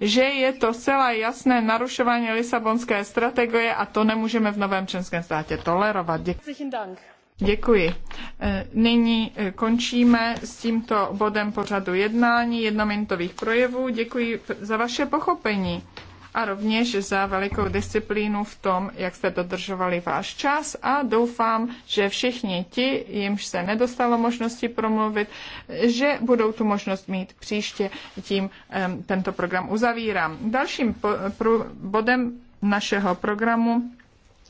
že je to celá jasné narušování Lisabonské strategie a to nemůžeme v novém členském státě tolerovat. Děkuji. Děkuji. E, nyní e, končíme s tímto bodem pořadu jednání jednominutových projevů. Děkuji za vaše pochopení a rovněž za velikou disciplínu v tom, jak jste dodržovali váš čas a doufám, že všichni ti, jimž se nedostalo možnosti promluvit, že budou tu možnost mít příště. Tím tento program uzavírám. Dalším bodem našeho programu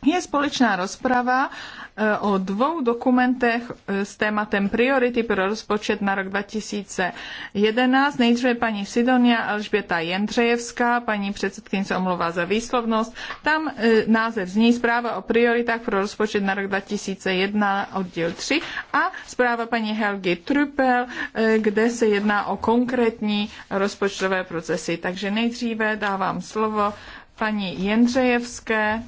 je společná rozprava eh, o dvou dokumentech eh, s tématem priority pro rozpočet na rok 2011. Nejdříve paní Sidonia Alžběta Jendřejevská, paní předsedkyně se omlouvá za výslovnost. Tam eh, název zní zpráva o prioritách pro rozpočet na rok 2001 oddíl 3 a zpráva paní Helgi Trupel, kde se jedná o konkrétní rozpočtové procesy. Takže nejdříve dávám slovo paní Jendřejevské.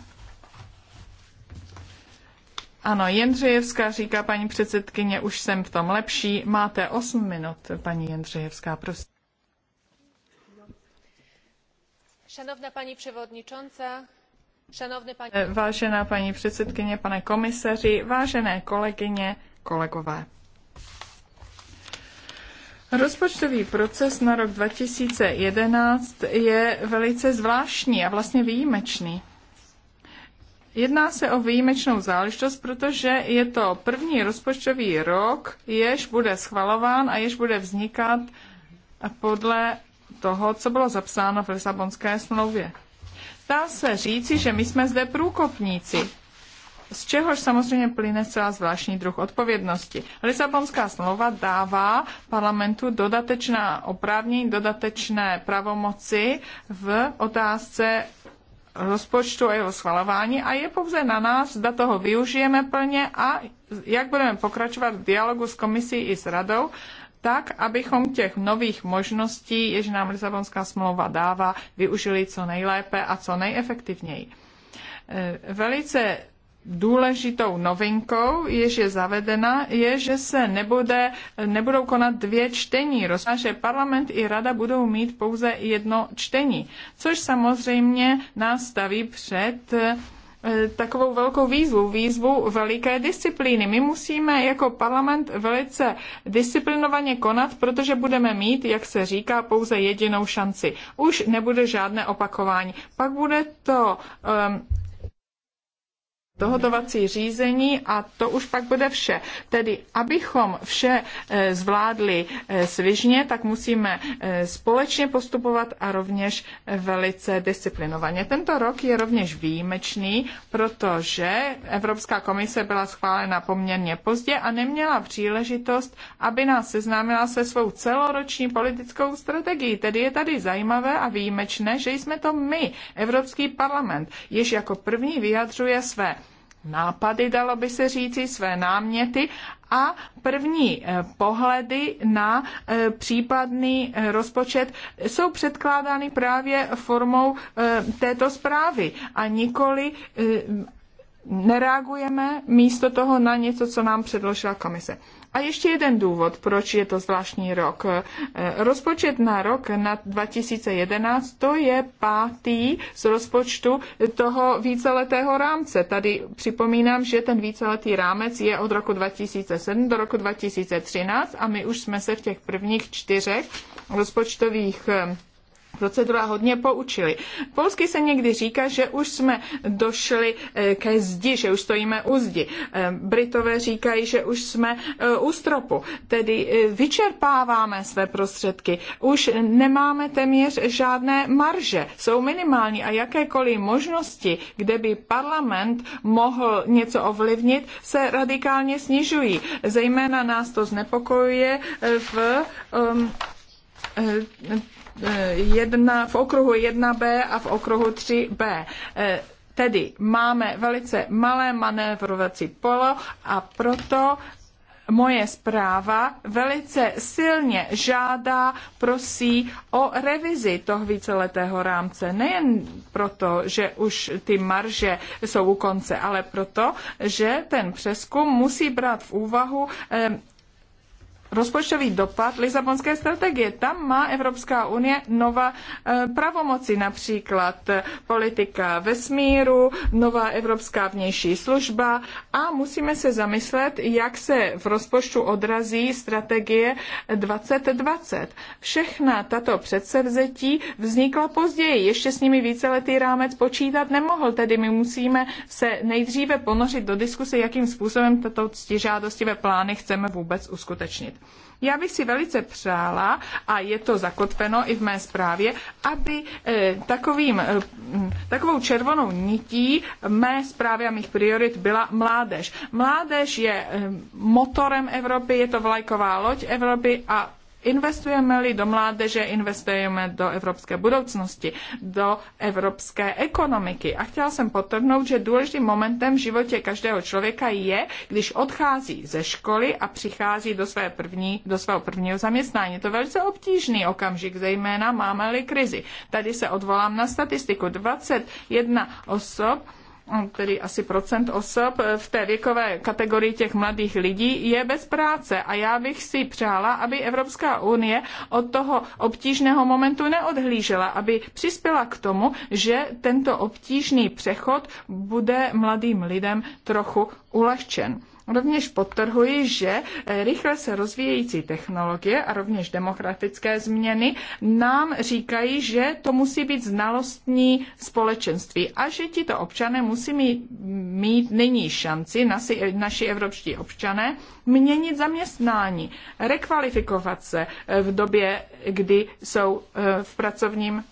Ano, Jendřejevská říká paní předsedkyně, už jsem v tom lepší. Máte 8 minut, paní Jendřejevská, prosím. Šanovná paní převodničonca, šanovné paní... Eh, vážená paní předsedkyně, pane komisaři, vážené kolegyně, kolegové. Rozpočtový proces na rok 2011 je velice zvláštní a vlastně výjimečný. Jedná se o výjimečnou záležitost, protože je to první rozpočtový rok, jež bude schvalován a jež bude vznikat podle toho, co bylo zapsáno v Lisabonské smlouvě. Dá se říci, že my jsme zde průkopníci, z čehož samozřejmě plyne celá zvláštní druh odpovědnosti. Lisabonská smlouva dává parlamentu dodatečná oprávnění, dodatečné pravomoci v otázce rozpočtu a jeho schvalování a je pouze na nás, zda toho využijeme plně a jak budeme pokračovat v dialogu s komisí i s radou, tak, abychom těch nových možností, jež nám Lisabonská smlouva dává, využili co nejlépe a co nejefektivněji. E, velice důležitou novinkou, jež je zavedena, je, že se nebude, nebudou konat dvě čtení. Rozumím, že parlament i rada budou mít pouze jedno čtení, což samozřejmě nás staví před eh, takovou velkou výzvu, výzvu veliké disciplíny. My musíme jako parlament velice disciplinovaně konat, protože budeme mít, jak se říká, pouze jedinou šanci. Už nebude žádné opakování. Pak bude to um, dohodovací řízení a to už pak bude vše. Tedy, abychom vše eh, zvládli eh, svižně, tak musíme eh, společně postupovat a rovněž velice disciplinovaně. Tento rok je rovněž výjimečný, protože Evropská komise byla schválena poměrně pozdě a neměla příležitost, aby nás seznámila se svou celoroční politickou strategií. Tedy je tady zajímavé a výjimečné, že jsme to my, Evropský parlament, jež jako první vyjadřuje své nápady, dalo by se říci, své náměty a první eh, pohledy na eh, případný eh, rozpočet jsou předkládány právě formou této zprávy a nikoli nereagujeme místo toho na něco, co nám předložila komise. A ještě jeden důvod, proč je to zvláštní rok. E, rozpočet na rok na 2011, to je pátý z rozpočtu toho víceletého rámce. Tady připomínám, že ten víceletý rámec je od roku 2007 do roku 2013 a my už jsme se v těch prvních čtyřech rozpočtových e, procedura hodně poučili. Polsky se někdy říká, že už jsme došli eh, ke zdi, že už stojíme u zdi. Eh, Britové říkají, že už jsme eh, u stropu, tedy vyčerpáváme své prostředky. Už nemáme téměř žádné marže, jsou minimální a jakékoliv možnosti, kde by parlament mohl něco ovlivnit, se radikálně snižují. Zejména nás to znepokojuje v um, Eh, eh, jedna, v okruhu 1B a v okruhu 3B. Eh, tedy máme velice malé manévrovací polo a proto moje zpráva velice silně žádá, prosí o revizi toho víceletého rámce. Nejen proto, že už ty marže jsou u konce, ale proto, že ten přeskum musí brát v úvahu rozpočtový dopad Lisabonské strategie. Tam má Evropská unie nová eh, pravomoci, například eh, politika vesmíru, nová evropská vnější služba a musíme se zamyslet, jak se v rozpočtu odrazí strategie 2020. Všechna tato předsevzetí vznikla později, ještě s nimi víceletý rámec počítat nemohl, tedy my musíme se nejdříve ponořit do diskuse, jakým způsobem tato ctižádostivé plány chceme vůbec uskutečnit. Já bych si velice přála, a je to zakotveno i v mé zprávě, aby eh, takovým, eh, takovou červenou nití mé zprávy a mých priorit byla mládež. Mládež je eh, motorem Evropy, je to vlajková loď Evropy a Investujeme-li do mládeže, investujeme do evropské budoucnosti, do evropské ekonomiky. A chtěla jsem potrhnout, že důležitým momentem v životě každého člověka je, když odchází ze školy a přichází do, své první, do svého prvního zaměstnání. Je to velice obtížný okamžik, zejména máme-li krizi. Tady se odvolám na statistiku. 21 osob tedy asi procent osob v té věkové kategorii těch mladých lidí je bez práce. A já bych si přála, aby Evropská unie od toho obtížného momentu neodhlížela, aby přispěla k tomu, že tento obtížný přechod bude mladým lidem trochu ulehčen. Rovněž podtrhuji, že eh, rychle se rozvíjející technologie a rovněž demografické změny nám říkají, že to musí být znalostní společenství a že tito občané musí mít, mít nyní šanci, nasi, naši evropští občané, měnit zaměstnání, rekvalifikovat se eh, v době, kdy jsou eh, v pracovním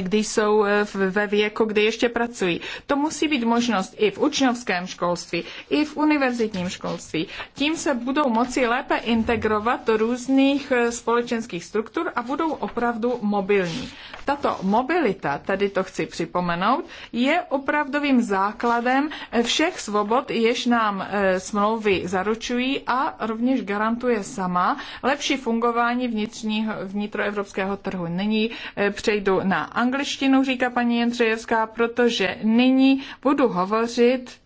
kdy jsou eh, ve věku, kdy ještě pracují. To musí být možnost i v učňovském školství, i v univerzitním školství. Tím se budou moci lépe integrovat do různých eh, společenských struktur a budou opravdu mobilní. Tato mobilita, tady to chci připomenout, je opravdovým základem eh, všech svobod, jež nám smlouvy zaručují a rovněž garantuje sama lepší fungování vnitřního, vnitroevropského trhu. Nyní přejdu na angličtinu, říká paní Jendřejevská, protože nyní budu hovořit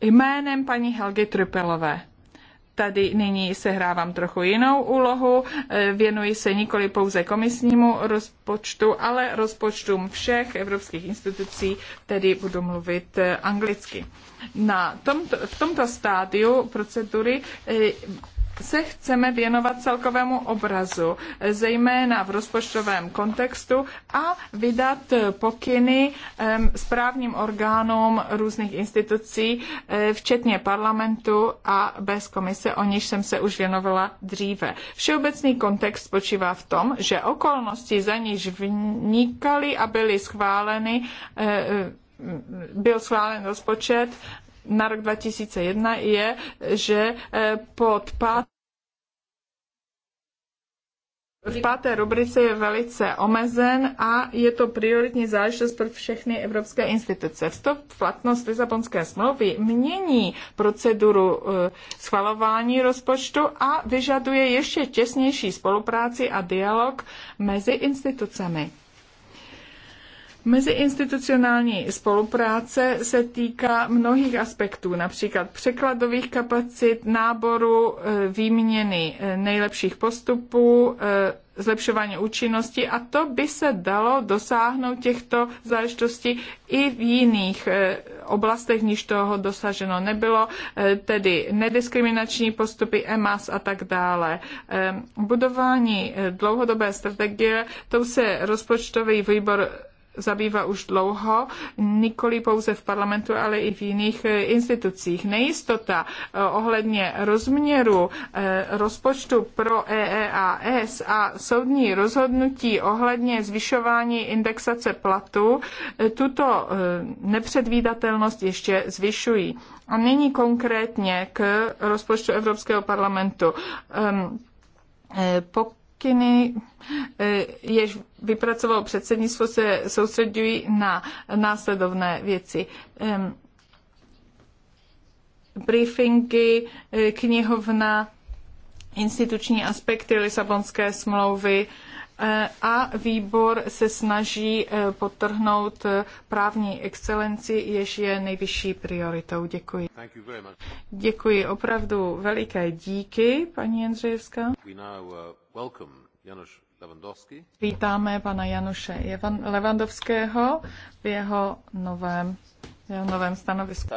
jménem paní Helgy Trypelové. Tady nyní sehrávám trochu jinou úlohu, eh, věnuji se nikoli pouze komisnímu rozpočtu, ale rozpočtům všech evropských institucí, tedy budu mluvit eh, anglicky. Na tomto, v tomto stádiu procedury eh, se chceme věnovat celkovému obrazu, zejména v rozpočtovém kontextu a vydat pokyny správním orgánům různých institucí, eh, včetně parlamentu a bez komise, o níž jsem se už věnovala dříve. Všeobecný kontext spočívá v tom, že okolnosti, za níž vnikaly a byly schváleny eh, eh, byl schválen rozpočet, na rok 2001 je, že eh, pod pát v páté rubrice je velice omezen a je to prioritní záležitost pro všechny evropské instituce. Vstup v platnost Lisabonské smlouvy mění proceduru eh, schvalování rozpočtu a vyžaduje ještě těsnější spolupráci a dialog mezi institucemi. Meziinstitucionální spolupráce se týká mnohých aspektů, například překladových kapacit, náboru, e, výměny e, nejlepších postupů, e, zlepšování účinnosti a to by se dalo dosáhnout těchto záležitostí i v jiných oblastech, níž toho dosaženo nebylo, tedy nediskriminační postupy EMAS a tak dále. Budování dlouhodobé strategie, to se rozpočtový výbor zabývá už dlouho, nikoli pouze v parlamentu, ale i v jiných eh, institucích. Nejistota eh, ohledně rozměru eh, rozpočtu pro EEAS a soudní rozhodnutí ohledně zvyšování indexace platu tuto nepředvídatelnost ještě zvyšují. A nyní konkrétně k rozpočtu Evropského parlamentu. Ehm, Pokud pokyny, eh, jež vypracovalo předsednictvo, se soustředují na následovné věci. Briefingy, eh, knihovna, instituční aspekty Lisabonské smlouvy, Eh, a výbor se snaží eh, podtrhnout eh, právní excelenci, jež je nejvyšší prioritou. Děkuji. Děkuji opravdu veliké díky, paní Jendřejevská. Vítáme pana Januše Levandovského v jeho novém, jeho novém stanovisku.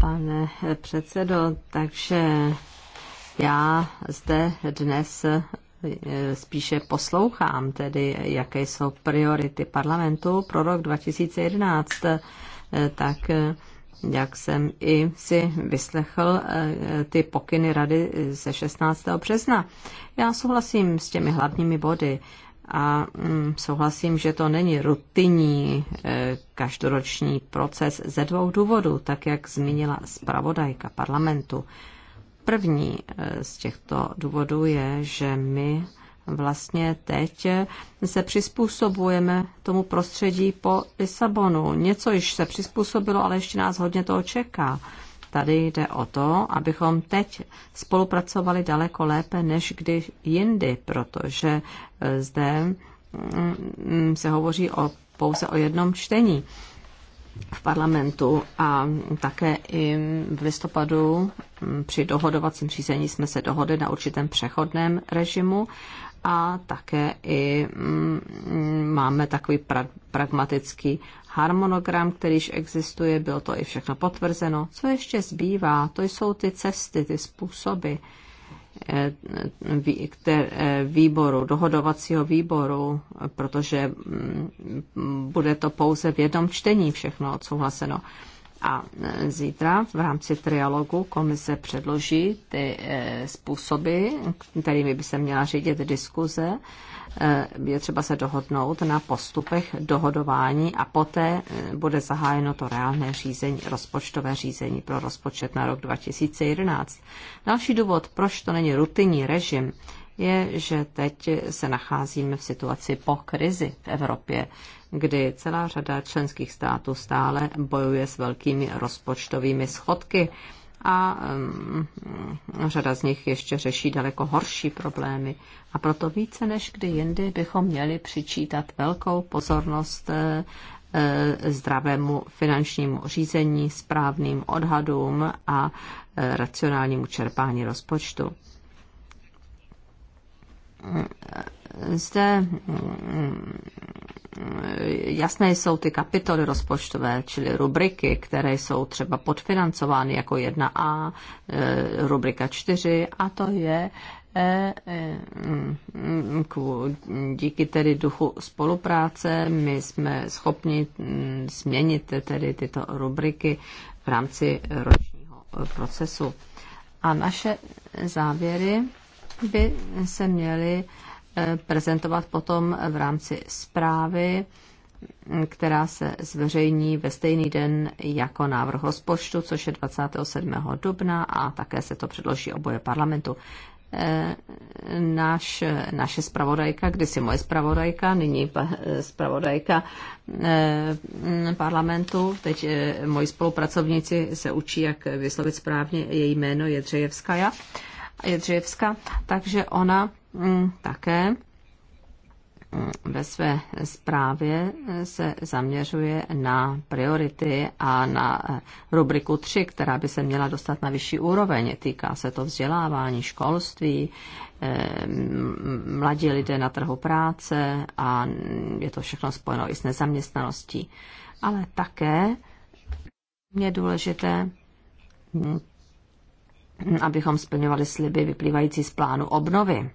Pane předsedo, takže já zde dnes Eh, spíše poslouchám tedy, jaké jsou priority parlamentu pro rok 2011, eh, tak eh, jak jsem i si vyslechl ty pokyny rady ze 16. března. Já souhlasím s těmi hlavními body a mm, souhlasím, že to není rutinní každoroční proces ze dvou důvodů, tak jak zmínila zpravodajka parlamentu. První eh, z těchto důvodů je, že my vlastně teď se přizpůsobujeme tomu prostředí po Lisabonu. Něco již se přizpůsobilo, ale ještě nás hodně toho čeká. Tady jde o to, abychom teď spolupracovali daleko lépe než kdy jindy, protože eh, zde mm, se hovoří o, pouze o jednom čtení v parlamentu a také i v listopadu při dohodovacím řízení jsme se dohodli na určitém přechodném režimu a také i mm, máme takový pra- pragmatický harmonogram, kterýž existuje, bylo to i všechno potvrzeno. Co ještě zbývá, to jsou ty cesty, ty způsoby eh, eh, výboru, dohodovacího výboru, protože mm, bude to pouze v jednom čtení všechno odsouhlaseno. A e, zítra v rámci trialogu komise předloží ty e, způsoby, kterými by se měla řídit diskuze. E, je třeba se dohodnout na postupech dohodování a poté bude zahájeno to reálné řízení, rozpočtové řízení pro rozpočet na rok 2011. Další důvod, proč to není rutinní režim, je, že teď se nacházíme v situaci po krizi v Evropě kdy celá řada členských států stále bojuje s velkými rozpočtovými schodky a um, řada z nich ještě řeší daleko horší problémy. A proto více než kdy jindy bychom měli přičítat velkou pozornost eh, eh, zdravému finančnímu řízení, správným odhadům a eh, racionálnímu čerpání rozpočtu zde mm, jasné jsou ty kapitoly rozpočtové, čili rubriky, které jsou třeba podfinancovány jako 1A, e, rubrika 4 a to je e, e, mm, díky tedy duchu spolupráce my jsme schopni mm, změnit tedy tyto rubriky v rámci ročního procesu. A naše závěry by se měly eh, prezentovat potom v rámci zprávy, která se zveřejní ve stejný den jako návrh rozpočtu, což je 27. dubna a také se to předloží oboje parlamentu. Eh, náš, naše zpravodajka, kdysi moje zpravodajka, nyní eh, zpravodajka parlamentu, teď moji spolupracovníci se učí, jak vyslovit správně její jméno, je Dřejevskaja. Jedřijevska, takže ona mm, také mm, ve své zprávě se zaměřuje na priority a na eh, rubriku 3, která by se měla dostat na vyšší úroveň. Týká se to vzdělávání, školství, eh, mladí lidé na trhu práce a je to všechno spojeno i s nezaměstnaností. Ale také je důležité mm, abychom splňovali sliby vyplývající z plánu obnovy.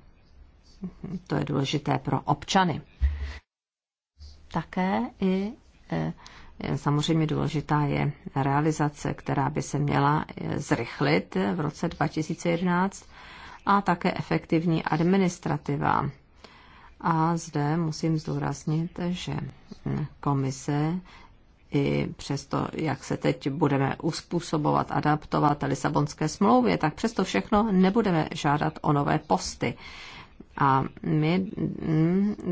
To je důležité pro občany. Také i e, e, samozřejmě důležitá je realizace, která by se měla e, zrychlit v roce 2011 a také efektivní administrativa. A zde musím zdůraznit, že komise i přesto, jak se teď budeme uspůsobovat, adaptovat Lisabonské smlouvě, tak přesto všechno nebudeme žádat o nové posty. A my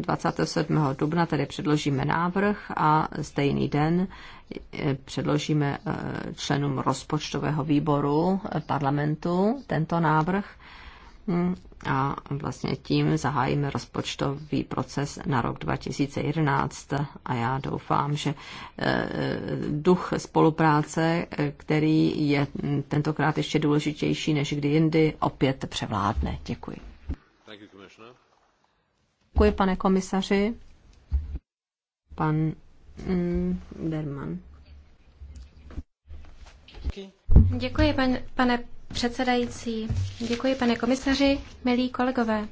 27. Mm, dubna tedy předložíme návrh a stejný den e, předložíme e, členům rozpočtového výboru e, parlamentu tento návrh mm, a vlastně tím zahájíme rozpočtový proces na rok 2011 a já doufám, že eh, duch spolupráce, který je tentokrát ještě důležitější než kdy jindy, opět převládne. Děkuji. Děkuji, pane komisaři. Pan mm, Derman. Děkuji, pan, pane předsedající, děkuji pane komisaři, milí kolegové.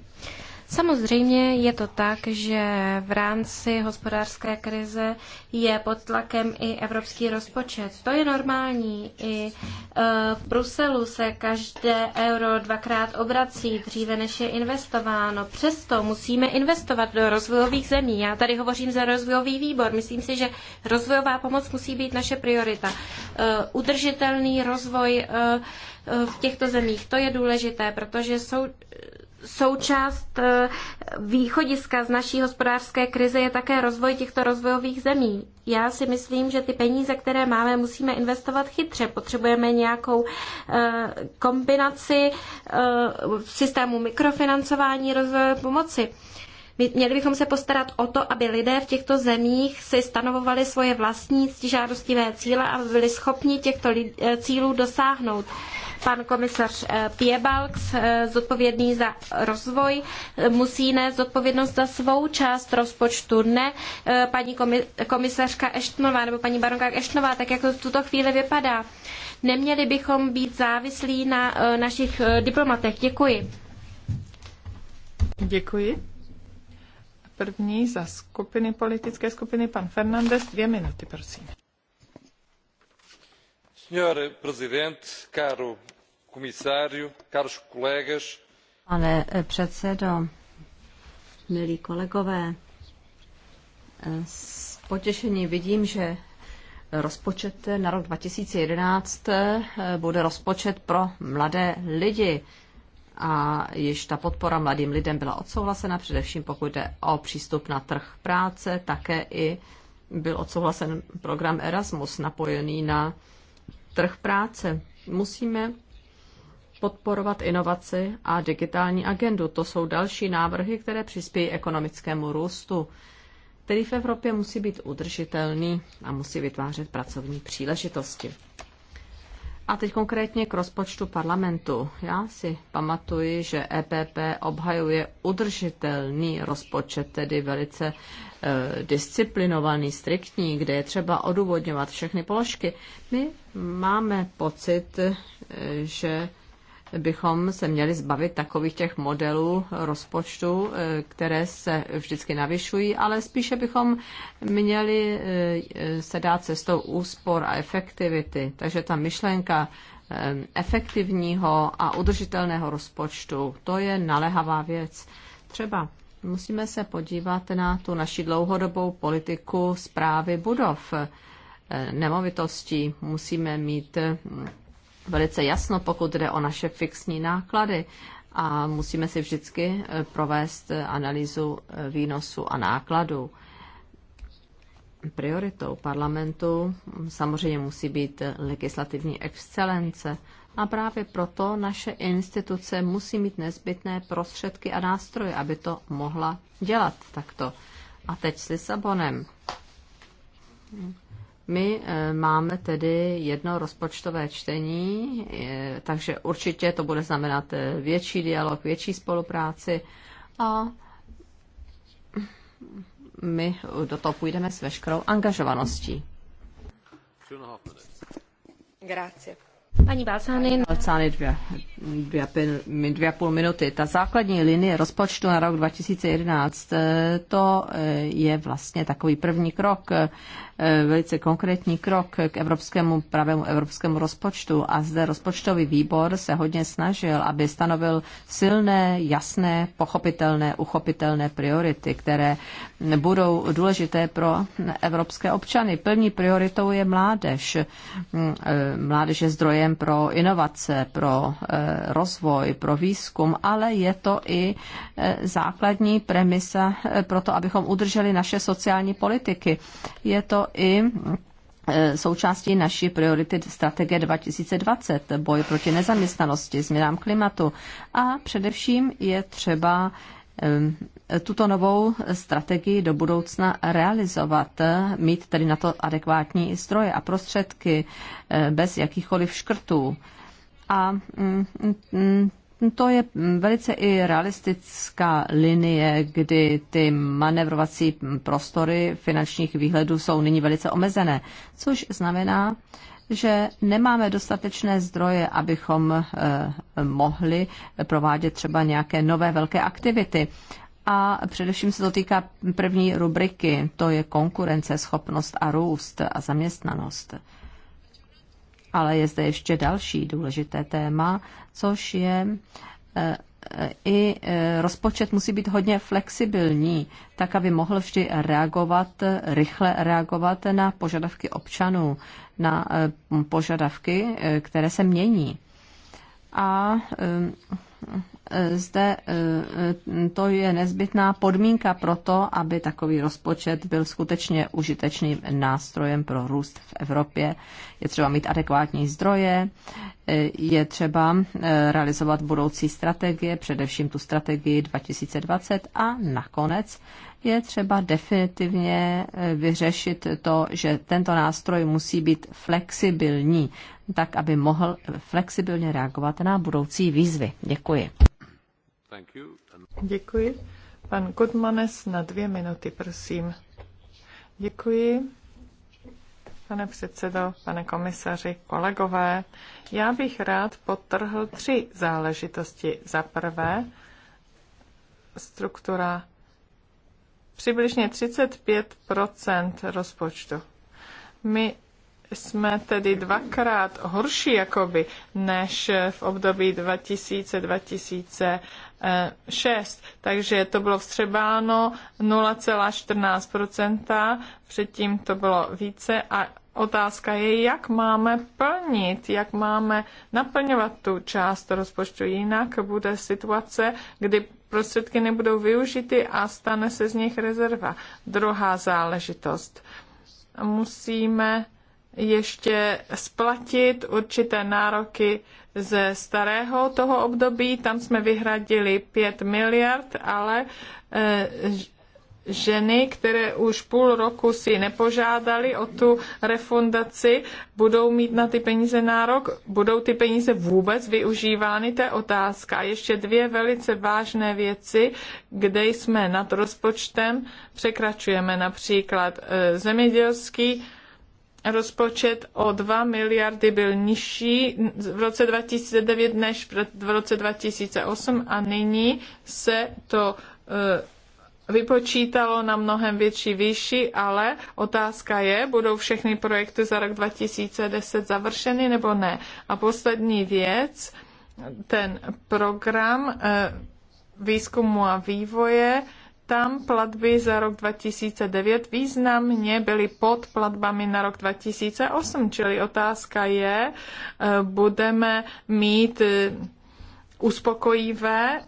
Samozřejmě je to tak, že v rámci hospodářské krize je pod tlakem i evropský rozpočet. To je normální. I e, v Bruselu se každé euro dvakrát obrací dříve, než je investováno. Přesto musíme investovat do rozvojových zemí. Já tady hovořím za rozvojový výbor. Myslím si, že rozvojová pomoc musí být naše priorita. E, udržitelný rozvoj e, v těchto zemích. To je důležité, protože jsou, součást eh, východiska z naší hospodářské krize je také rozvoj těchto rozvojových zemí. Já si myslím, že ty peníze, které máme, musíme investovat chytře. Potřebujeme nějakou eh, kombinaci eh, systému mikrofinancování rozvojové pomoci. Měli bychom se postarat o to, aby lidé v těchto zemích si stanovovali svoje vlastní žádostivé cíle a byli schopni těchto cílů dosáhnout pan komisař eh, Piebalgs, eh, zodpovědný za rozvoj, eh, musí nést zodpovědnost za svou část rozpočtu, ne paní komisařka Eštnová nebo paní baronka Eštnová, tak jak to v tuto chvíli vypadá. Neměli bychom být závislí na našich diplomatech. Děkuji. Děkuji. První za skupiny politické skupiny pan Fernandez. Dvě minuty, prosím. Senhor presidente, caro comissário, caros colegas. Pane eh, předsedo, milí kolegové, eh, s potěšením vidím, že rozpočet na rok 2011 eh, bude rozpočet pro mladé lidi a již ta podpora mladým lidem byla odsouhlasena, především pokud jde o přístup na trh práce, také i byl odsouhlasen program Erasmus napojený na trh práce. Musíme podporovat inovaci a digitální agendu. To jsou další návrhy, které přispějí ekonomickému růstu, který v Evropě musí být udržitelný a musí vytvářet pracovní příležitosti. A teď konkrétně k rozpočtu parlamentu. Já si pamatuji, že EPP obhajuje udržitelný rozpočet, tedy velice Eh, disciplinovaný, striktní, kde je třeba odůvodňovat všechny položky. My máme pocit, eh, že bychom se měli zbavit takových těch modelů rozpočtu, eh, které se vždycky navyšují, ale spíše bychom měli se dát cestou úspor a efektivity. Takže ta myšlenka efektivního a udržitelného rozpočtu, to je nalehavá věc. Třeba musíme se podívat na tu naši dlouhodobou politiku zprávy budov eh, nemovitostí. Musíme mít mm, velice jasno, pokud jde o naše fixní náklady a musíme si vždycky eh, provést eh, analýzu výnosu a nákladů. Prioritou parlamentu mm, samozřejmě musí být legislativní excelence, a právě proto naše instituce musí mít nezbytné prostředky a nástroje, aby to mohla dělat takto. A teď s Lisabonem. My eh, máme tedy jedno rozpočtové čtení, eh, takže určitě to bude znamenat eh, větší dialog, větší spolupráci a my do toho půjdeme s veškerou angažovaností. Grazie. Paní Balcány. No. Balcány dvě, dvě, dvě a půl minuty. Ta základní linie rozpočtu na rok 2011, eh, to eh, je vlastně takový první krok, eh, velice konkrétní krok k evropskému, pravému evropskému rozpočtu a zde rozpočtový výbor se hodně snažil, aby stanovil silné, jasné, pochopitelné, uchopitelné priority, které budou důležité pro evropské občany. První prioritou je mládež. Mm, mládež je zdrojem pro inovace, pro rozvoj, pro výzkum, ale je to i e, základní premisa e, pro to, abychom udrželi naše sociální politiky. Je to i e, součástí naší priority strategie 2020, boj proti nezaměstnanosti, změnám klimatu a především je třeba tuto novou strategii do budoucna realizovat, mít tedy na to adekvátní stroje a prostředky bez jakýchkoliv škrtů. A mm, mm, to je velice i realistická linie, kdy ty manevrovací prostory finančních výhledů jsou nyní velice omezené, což znamená, že nemáme dostatečné zdroje, abychom eh, mohli provádět třeba nějaké nové velké aktivity. A především se to týká první rubriky, to je konkurenceschopnost a růst a zaměstnanost. Ale je zde ještě další důležité téma, což je e, e, i e, rozpočet musí být hodně flexibilní, tak aby mohl vždy reagovat, rychle reagovat na požadavky občanů, na požadavky, které se mění. A Eh, zde eh, eh, to je nezbytná podmínka pro to, aby takový rozpočet byl skutečně užitečným nástrojem pro růst v Evropě. Je třeba mít adekvátní zdroje, je třeba realizovat budoucí strategie, především tu strategii 2020 a nakonec je třeba definitivně vyřešit to, že tento nástroj musí být flexibilní, tak aby mohl flexibilně reagovat na budoucí výzvy. Děkuji. Děkuji. Pan Gutmanes na dvě minuty, prosím. Děkuji. Pane předsedo, pane komisaři, kolegové, já bych rád potrhl tři záležitosti. Za prvé, struktura přibližně 35 rozpočtu. My jsme tedy dvakrát horší jakoby než v období 2000-2006 6, takže to bylo vstřebáno 0,14%, předtím to bylo více a otázka je, jak máme plnit, jak máme naplňovat tu část rozpočtu, jinak bude situace, kdy prostředky nebudou využity a stane se z nich rezerva. Druhá záležitost. Musíme ještě splatit určité nároky ze starého toho období. Tam jsme vyhradili 5 miliard, ale e, ženy, které už půl roku si nepožádali o tu refundaci, budou mít na ty peníze nárok, budou ty peníze vůbec využívány, to je otázka. A ještě dvě velice vážné věci, kde jsme nad rozpočtem, překračujeme například e, zemědělský rozpočet o 2 miliardy byl nižší v roce 2009 než v roce 2008 a nyní se to eh, vypočítalo na mnohem větší výši, ale otázka je, budou všechny projekty za rok 2010 završeny nebo ne. A poslední věc, ten program eh, výzkumu a vývoje, tam platby za rok 2009 významně byly pod platbami na rok 2008, čili otázka je, eh, budeme mít eh, uspokojivé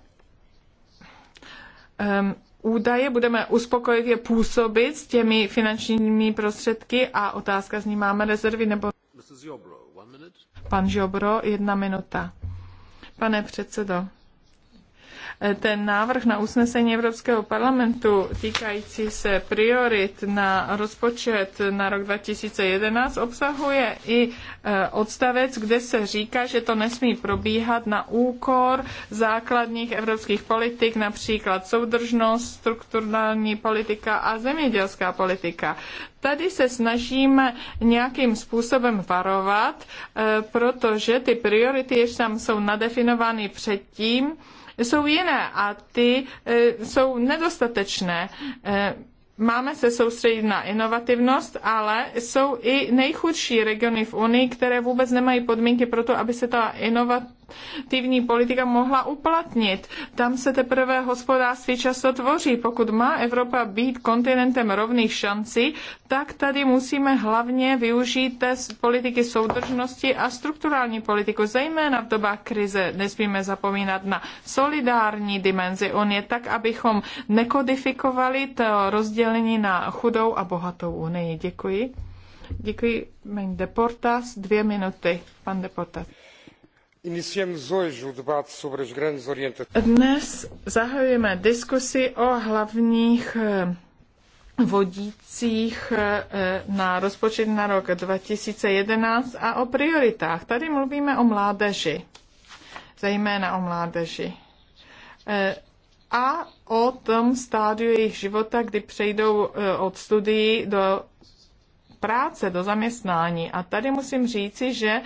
ehm, údaje, budeme uspokojivě působit s těmi finančními prostředky a otázka ní máme rezervy nebo... Pan Žobro, jedna minuta. Pane předsedo, ten návrh na usnesení Evropského parlamentu týkající se priorit na rozpočet na rok 2011 obsahuje i e, odstavec, kde se říká, že to nesmí probíhat na úkor základních evropských politik, například soudržnost, strukturální politika a zemědělská politika. Tady se snažíme nějakým způsobem varovat, e, protože ty priority, jež tam jsou nadefinovány předtím, jsou jiné a ty e, jsou nedostatečné. E, máme se soustředit na inovativnost, ale jsou i nejchudší regiony v Unii, které vůbec nemají podmínky pro to, aby se ta inovativnost aktivní politika mohla uplatnit. Tam se teprve hospodářství často tvoří. Pokud má Evropa být kontinentem rovných šancí, tak tady musíme hlavně využít té politiky soudržnosti a strukturální politiku. Zejména v dobách krize nesmíme zapomínat na solidární dimenzi. On je tak, abychom nekodifikovali to rozdělení na chudou a bohatou unii. Děkuji. Děkuji, paní Deportas. Dvě minuty, pan Deportas. Dnes zahajujeme diskusi o hlavních eh, vodících eh, eh, na rozpočet na rok 2011 a o prioritách. Tady mluvíme o mládeži, zejména o mládeži. A o tom stádiu jejich života, kdy přejdou od studií do práce, do zaměstnání. A tady musím říci, že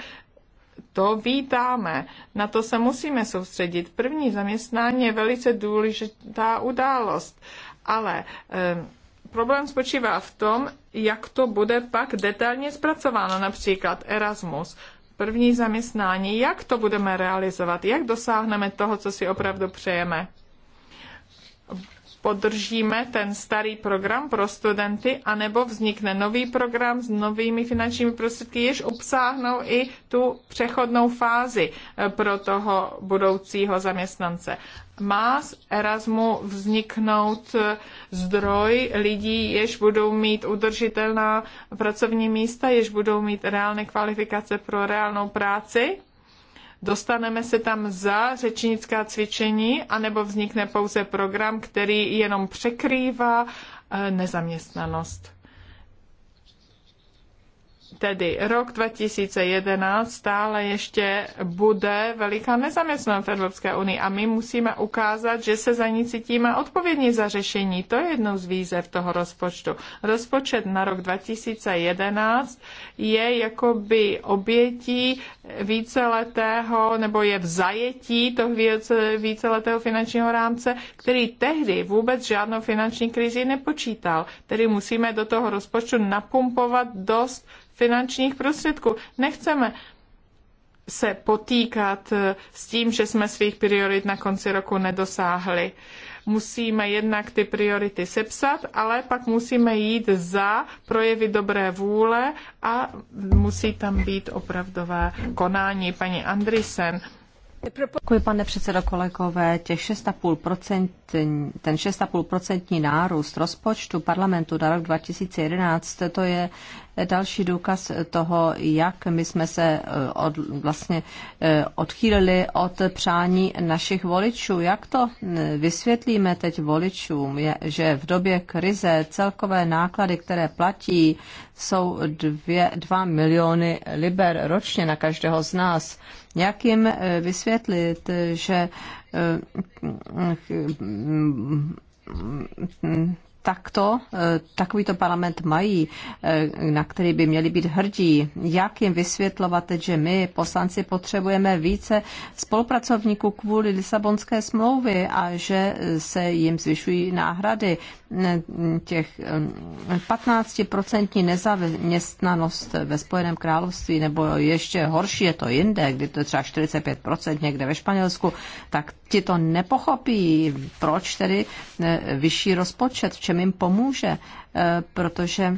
to vítáme. Na to se musíme soustředit. První zaměstnání je velice důležitá událost, ale eh, problém spočívá v tom, jak to bude pak detailně zpracováno, například Erasmus, první zaměstnání, jak to budeme realizovat, jak dosáhneme toho, co si opravdu přejeme podržíme ten starý program pro studenty, anebo vznikne nový program s novými finančními prostředky, jež obsáhnou i tu přechodnou fázi eh, pro toho budoucího zaměstnance. Má z Erasmu vzniknout eh, zdroj lidí, jež budou mít udržitelná pracovní místa, jež budou mít reálné kvalifikace pro reálnou práci? Dostaneme se tam za řečnická cvičení, anebo vznikne pouze program, který jenom překrývá eh, nezaměstnanost. Tedy rok 2011 stále ještě bude veliká nezaměstnanost v Evropské unii a my musíme ukázat, že se za ní cítíme odpovědní za řešení. To je jednou z výzev toho rozpočtu. Rozpočet na rok 2011 je jakoby obětí víceletého nebo je v zajetí toho víceletého finančního rámce, který tehdy vůbec žádnou finanční krizi nepočítal. Tedy musíme do toho rozpočtu napumpovat dost finančních prostředků. Nechceme se potýkat eh, s tím, že jsme svých priorit na konci roku nedosáhli. Musíme jednak ty priority sepsat, ale pak musíme jít za projevy dobré vůle a musí tam být opravdové konání. Paní Andrisen, Děkuji, pane předsedo kolegové. Těch 6,5%, ten 6,5% nárůst rozpočtu parlamentu na rok 2011, to je další důkaz toho, jak my jsme se eh, od, vlastně eh, odchýlili od přání našich voličů. Jak to eh, vysvětlíme teď voličům, že v době krize celkové náklady, které platí, jsou dvě, miliony liber ročně na každého z nás. Jak jim vysvětlit, že hm, hm, hm, takto, eh, takovýto parlament mají, eh, na který by měli být hrdí. Jak jim vysvětlovat, že my, poslanci, potřebujeme více spolupracovníků kvůli Lisabonské smlouvy a že se jim zvyšují náhrady těch 15% eh, nezaměstnanost ve Spojeném království, nebo ještě horší je to jinde, kdy to je třeba 45% někde ve Španělsku, tak ti to nepochopí, proč tedy vyšší rozpočet, v čem čem jim pomůže, eh, protože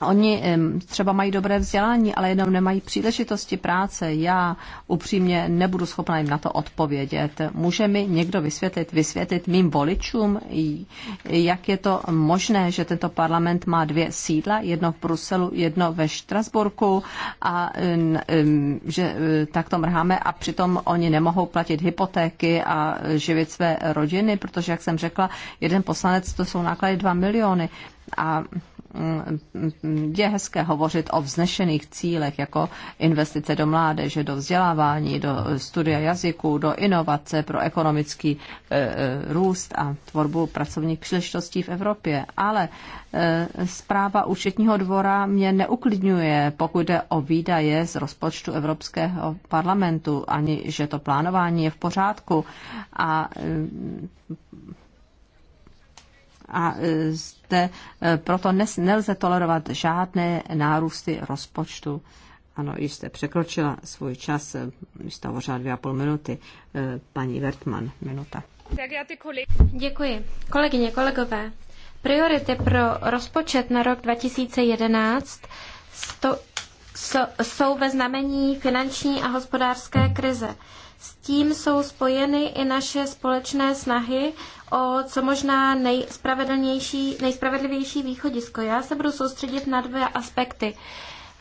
Oni třeba mají dobré vzdělání, ale jenom nemají příležitosti práce. Já upřímně nebudu schopna jim na to odpovědět. Může mi někdo vysvětlit, vysvětlit mým voličům, jak je to možné, že tento parlament má dvě sídla, jedno v Bruselu, jedno ve Štrasburku a že e, tak to mrháme a přitom oni nemohou platit hypotéky a živit své rodiny, protože, jak jsem řekla, jeden poslanec to jsou náklady 2 miliony. A je hezké hovořit o vznešených cílech jako investice do mládeže, do vzdělávání, do studia jazyků, do inovace pro ekonomický eh, eh, růst a tvorbu pracovních příležitostí v Evropě. Ale eh, zpráva účetního dvora mě neuklidňuje, pokud jde o výdaje z rozpočtu Evropského parlamentu, ani že to plánování je v pořádku. A a e, zde e, proto nelze tolerovat žádné nárůsty rozpočtu. Ano, jste překročila svůj čas, e, jste hovořila dvě a půl minuty. Paní Vertman, minuta. Děkuji. Kolegyně, kolegové, priority pro rozpočet na rok 2011 sto, so, jsou ve znamení finanční a hospodářské krize. S tím jsou spojeny i naše společné snahy o co možná nejspravedlnější, nejspravedlivější východisko. Já se budu soustředit na dvě aspekty.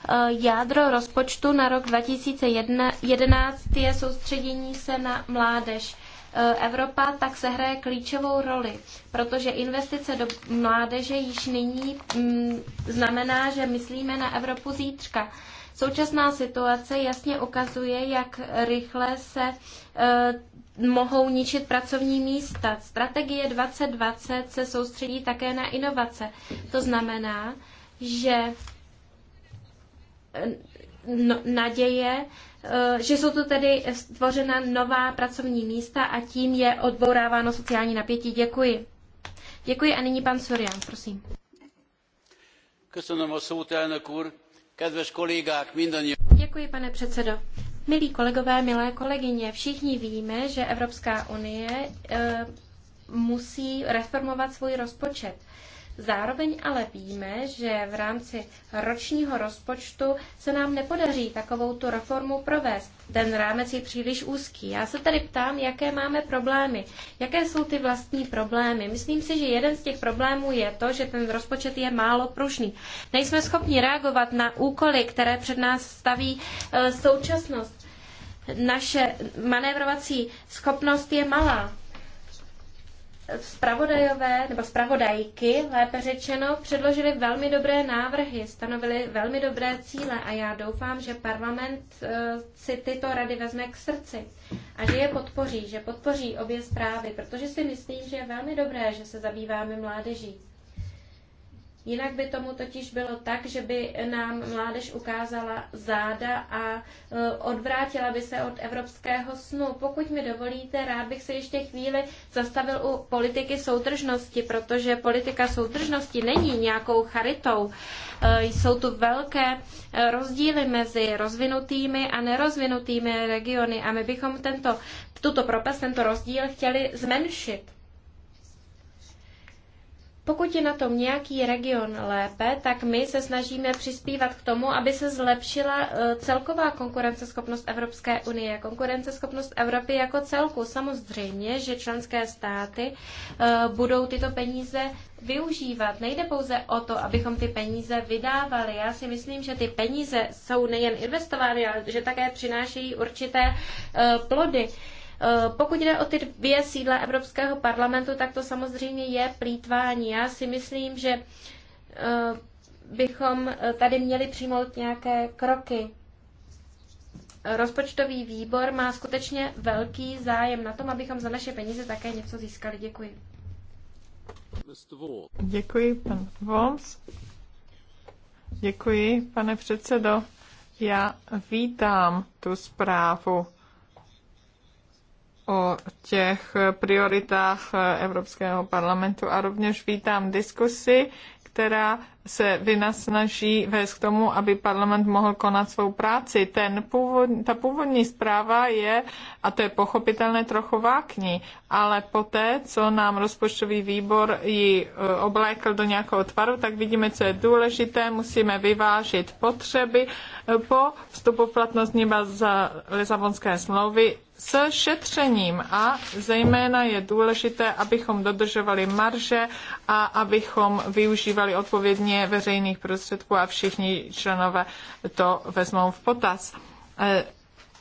E, jádro rozpočtu na rok 2011 je soustředění se na mládež. E, Evropa tak hraje klíčovou roli, protože investice do mládeže již nyní mm, znamená, že myslíme na Evropu zítřka. Současná situace jasně ukazuje, jak rychle se eh, mohou ničit pracovní místa. Strategie 2020 se soustředí také na inovace. To znamená, že eh, no, naděje, eh, že jsou tu tedy stvořena nová pracovní místa a tím je odbouráváno sociální napětí. Děkuji. Děkuji a nyní pan Surian, prosím. Děkuji, Děkuji, pane předsedo. Milí kolegové, milé kolegyně, všichni víme, že Evropská unie eh, musí reformovat svůj rozpočet. Zároveň ale víme, že v rámci ročního rozpočtu se nám nepodaří takovou tu reformu provést. Ten rámec je příliš úzký. Já se tady ptám, jaké máme problémy. Jaké jsou ty vlastní problémy? Myslím si, že jeden z těch problémů je to, že ten rozpočet je málo pružný. Nejsme schopni reagovat na úkoly, které před nás staví eh, současnost. Naše manévrovací schopnost je malá zpravodajové nebo zpravodajky, lépe řečeno, předložili velmi dobré návrhy, stanovili velmi dobré cíle a já doufám, že parlament eh, si tyto rady vezme k srdci a že je podpoří, že podpoří obě zprávy, protože si myslím, že je velmi dobré, že se zabýváme mládeží. Jinak by tomu totiž bylo tak, že by nám mládež ukázala záda a e, odvrátila by se od evropského snu. Pokud mi dovolíte, rád bych se ještě chvíli zastavil u politiky soudržnosti, protože politika soudržnosti není nějakou charitou. E, jsou tu velké e, rozdíly mezi rozvinutými a nerozvinutými regiony a my bychom tento, tuto propast, tento rozdíl chtěli zmenšit. Pokud je na tom nějaký region lépe, tak my se snažíme přispívat k tomu, aby se zlepšila e, celková konkurenceschopnost Evropské unie, konkurenceschopnost Evropy jako celku. Samozřejmě, že členské státy e, budou tyto peníze využívat. Nejde pouze o to, abychom ty peníze vydávali. Já si myslím, že ty peníze jsou nejen investovány, ale že také přinášejí určité e, plody. Eh, pokud jde o ty dvě sídla Evropského parlamentu, tak to samozřejmě je plítvání. Já si myslím, že eh, bychom eh, tady měli přijmout nějaké kroky. Rozpočtový výbor má skutečně velký zájem na tom, abychom za naše peníze také něco získali. Děkuji. Děkuji, pan Vols. Děkuji, pane předsedo. Já vítám tu zprávu o těch prioritách Evropského parlamentu a rovněž vítám diskusi, která se vynasnaží vést k tomu, aby parlament mohl konat svou práci. Ten původ, ta původní zpráva je, a to je pochopitelné, trochu vákní, ale poté, co nám rozpočtový výbor ji e, oblékl do nějakého tvaru, tak vidíme, co je důležité. Musíme vyvážit potřeby po vstupu v platnost Lisabonské smlouvy s šetřením a zejména je důležité, abychom dodržovali marže a abychom využívali odpovědně veřejných prostředků a všichni členové to vezmou v potaz. Eh,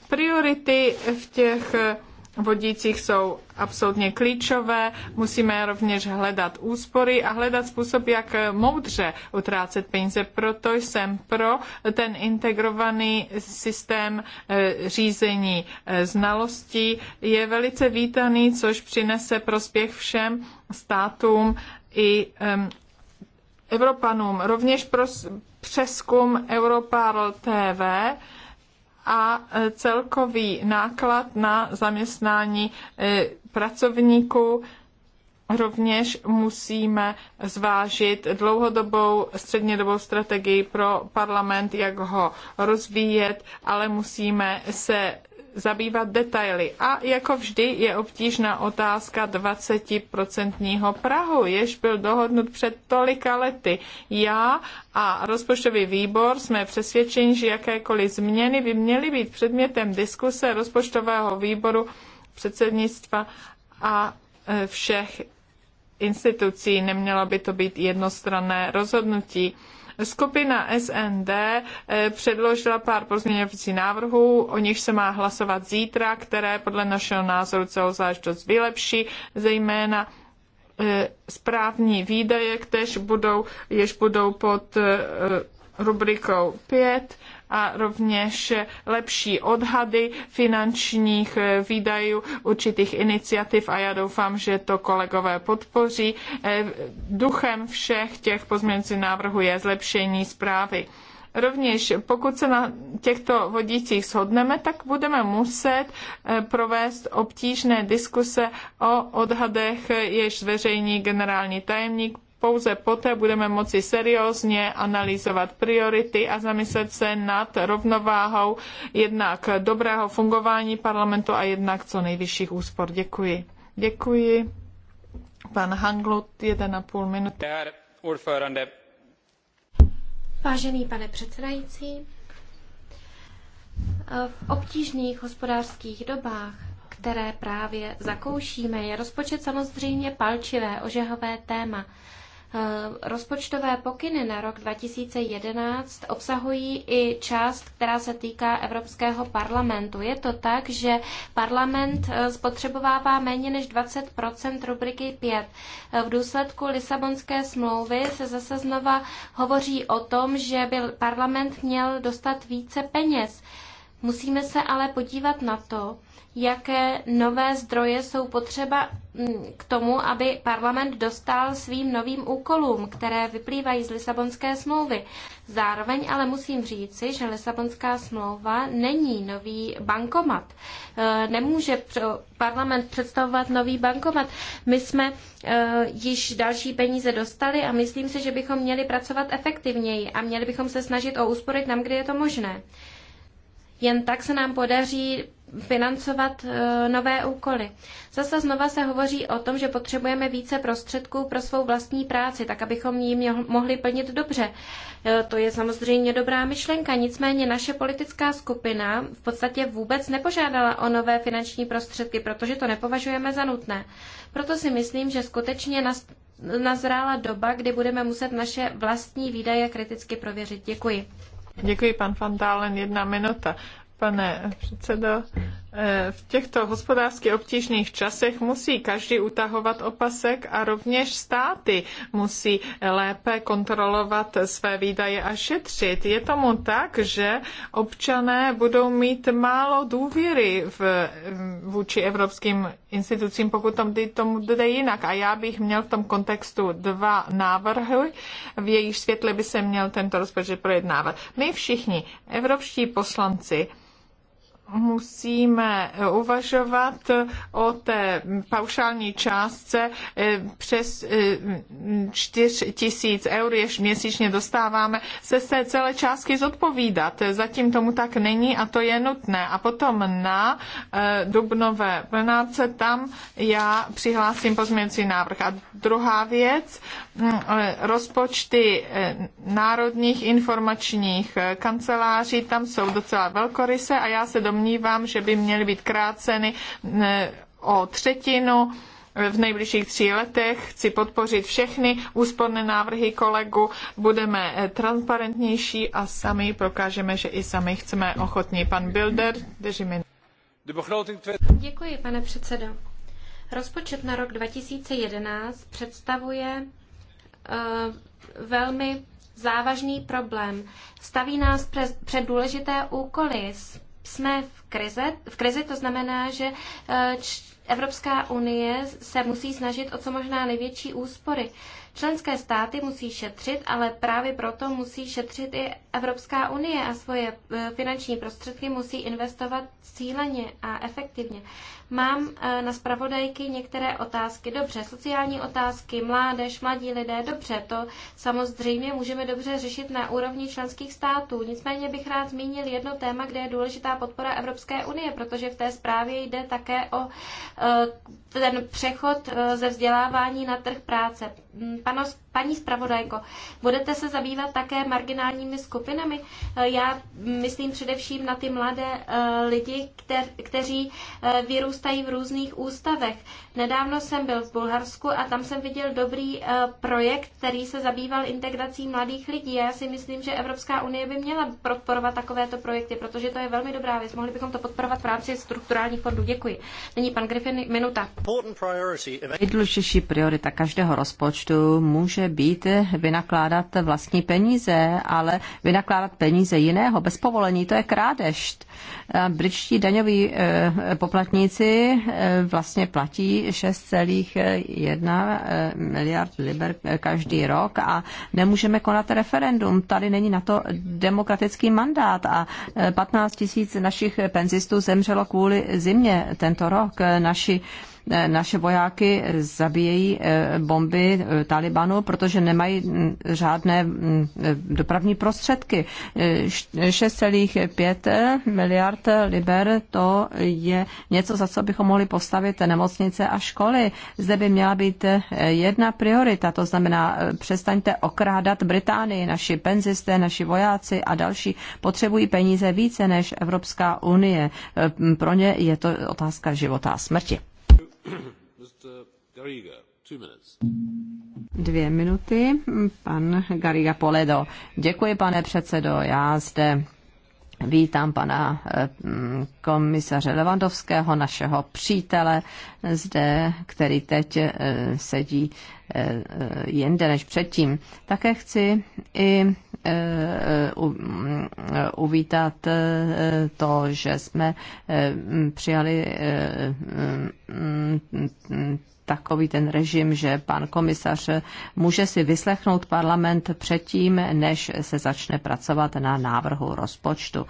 priority v těch eh, vodících jsou absolutně klíčové. Musíme rovněž hledat úspory a hledat způsob, jak moudře utrácet peníze. Proto jsem pro ten integrovaný systém eh, řízení eh, znalostí. Je velice vítaný, což přinese prospěch všem státům i Evropanům. Rovněž pro přeskum Europarl TV a e, celkový náklad na zaměstnání e, pracovníků Rovněž musíme zvážit dlouhodobou střednědobou strategii pro parlament, jak ho rozvíjet, ale musíme se zabývat detaily. A jako vždy je obtížná otázka 20% Prahu, jež byl dohodnut před tolika lety. Já a rozpočtový výbor jsme přesvědčeni, že jakékoliv změny by měly být předmětem diskuse rozpočtového výboru předsednictva a e, všech institucí. Nemělo by to být jednostranné rozhodnutí. Skupina SND eh, předložila pár pozměňovacích návrhů, o nich se má hlasovat zítra, které podle našeho názoru celou záležitost vylepší, zejména eh, správní výdaje, ktež budou, jež budou pod eh, rubrikou 5 a rovněž lepší odhady finančních eh, výdajů určitých iniciativ a já doufám, že to kolegové podpoří. Eh, duchem všech těch pozměňujících návrhů je zlepšení zprávy. Rovněž pokud se na těchto vodících shodneme, tak budeme muset eh, provést obtížné diskuse o odhadech, jež zveřejní generální tajemník pouze poté budeme moci seriózně analyzovat priority a zamyslet se nad rovnováhou jednak dobrého fungování parlamentu a jednak co nejvyšších úspor. Děkuji. Děkuji. Pan Hanglut, 1,5 minuty. Vážený pane předsedající, v obtížných hospodářských dobách, které právě zakoušíme, je rozpočet samozřejmě palčivé, ožehové téma. Eh, rozpočtové pokyny na rok 2011 obsahují i část, která se týká Evropského parlamentu. Je to tak, že parlament eh, spotřebovává méně než 20 rubriky 5. Eh, v důsledku Lisabonské smlouvy se zase znova hovoří o tom, že by parlament měl dostat více peněz. Musíme se ale podívat na to, jaké nové zdroje jsou potřeba mm, k tomu, aby parlament dostal svým novým úkolům, které vyplývají z Lisabonské smlouvy. Zároveň ale musím říci, že Lisabonská smlouva není nový bankomat. E, nemůže parlament představovat nový bankomat. My jsme e, již další peníze dostali a myslím si, že bychom měli pracovat efektivněji a měli bychom se snažit o úspory tam, kde je to možné. Jen tak se nám podaří financovat e, nové úkoly. Zase znova se hovoří o tom, že potřebujeme více prostředků pro svou vlastní práci, tak abychom ji mohli plnit dobře. E, to je samozřejmě dobrá myšlenka, nicméně naše politická skupina v podstatě vůbec nepožádala o nové finanční prostředky, protože to nepovažujeme za nutné. Proto si myslím, že skutečně nazrála doba, kdy budeme muset naše vlastní výdaje kriticky prověřit. Děkuji. Děkuji, pan Fantálen, jedna minuta. Pane předsedo, Eh, v těchto hospodářsky obtížných časech musí každý utahovat opasek a rovněž státy musí lépe kontrolovat své výdaje a šetřit. Je tomu tak, že občané budou mít málo důvěry v, eh, vůči evropským institucím, pokud tam tomu jde jinak. A já bych měl v tom kontextu dva návrhy, v jejich světle by se měl tento rozpočet projednávat. My všichni, evropští poslanci, musíme uvažovat o té paušální částce eh, přes 4 eh, tisíc eur, jež měsíčně dostáváme, se z té celé částky zodpovídat. Zatím tomu tak není a to je nutné. A potom na eh, Dubnové plnáce tam já přihlásím pozměňující návrh. A druhá věc, mm, rozpočty národních informačních kanceláří, tam jsou docela velkoryse a já se do domnívám, že by měly být kráceny eh, o třetinu v nejbližších tří letech. Chci podpořit všechny úsporné návrhy kolegu. Budeme eh, transparentnější a sami prokážeme, že i sami chceme ochotní. Pan Bilder, držíme. Děkuji, pane předsedo. Rozpočet na rok 2011 představuje uh, velmi závažný problém. Staví nás před důležité úkoly jsme v, krize, v krizi, to znamená, že eh, Evropská unie se musí snažit o co možná největší úspory. Členské státy musí šetřit, ale právě proto musí šetřit i Evropská unie a svoje eh, finanční prostředky musí investovat cíleně a efektivně. Mám eh, na zpravodajky některé otázky. Dobře, sociální otázky, mládež, mladí lidé, dobře, to samozřejmě můžeme dobře řešit na úrovni členských států. Nicméně bych rád zmínil jedno téma, kde je důležitá podpora Evropské unie, protože v té zprávě jde také o eh, ten přechod eh, ze vzdělávání na trh práce. Hm, Panos, Paní zpravodajko, budete se zabývat také marginálními skupinami? Eh, já myslím především na ty mladé eh, lidi, kteří eh, vyrůstají v různých ústavech. Nedávno jsem byl v Bulharsku a tam jsem viděl dobrý projekt, který se zabýval integrací mladých lidí. Já si myslím, že Evropská unie by měla podporovat takovéto projekty, protože to je velmi dobrá věc. Mohli bychom to podporovat v rámci strukturálních fondů. Děkuji. Nyní pan Griffin, minuta. Nejdůležitější priorita každého rozpočtu může může být vynakládat vlastní peníze, ale vynakládat peníze jiného bez povolení, to je krádež. Britští daňoví eh, poplatníci eh, vlastně platí 6,1 eh, miliard liber každý rok a nemůžeme konat referendum. Tady není na to demokratický mandát a 15 tisíc našich penzistů zemřelo kvůli zimě tento rok. Naši Eh, naše vojáky eh, zabíjejí eh, bomby Talibanu, protože nemají mm, žádné mm, dopravní prostředky. 6,5 miliard liber to je něco, za co bychom mohli postavit nemocnice a školy. Zde by měla být jedna priorita, to znamená přestaňte okrádat Británii, naši penzisté, naši vojáci a další potřebují peníze více než Evropská unie. Pro ně je to otázka života a smrti. Dvě minuty. Pan Gariga Poledo. Děkuji, pane předsedo. Já zde Vítám pana eh, mm, komisaře Levandovského, našeho přítele zde, který teď eh, sedí eh, jinde než předtím. Také chci i uvítat e, to, že jsme e, přijali e, takový ten režim, že pan komisař může si vyslechnout parlament předtím, než se začne pracovat na návrhu rozpočtu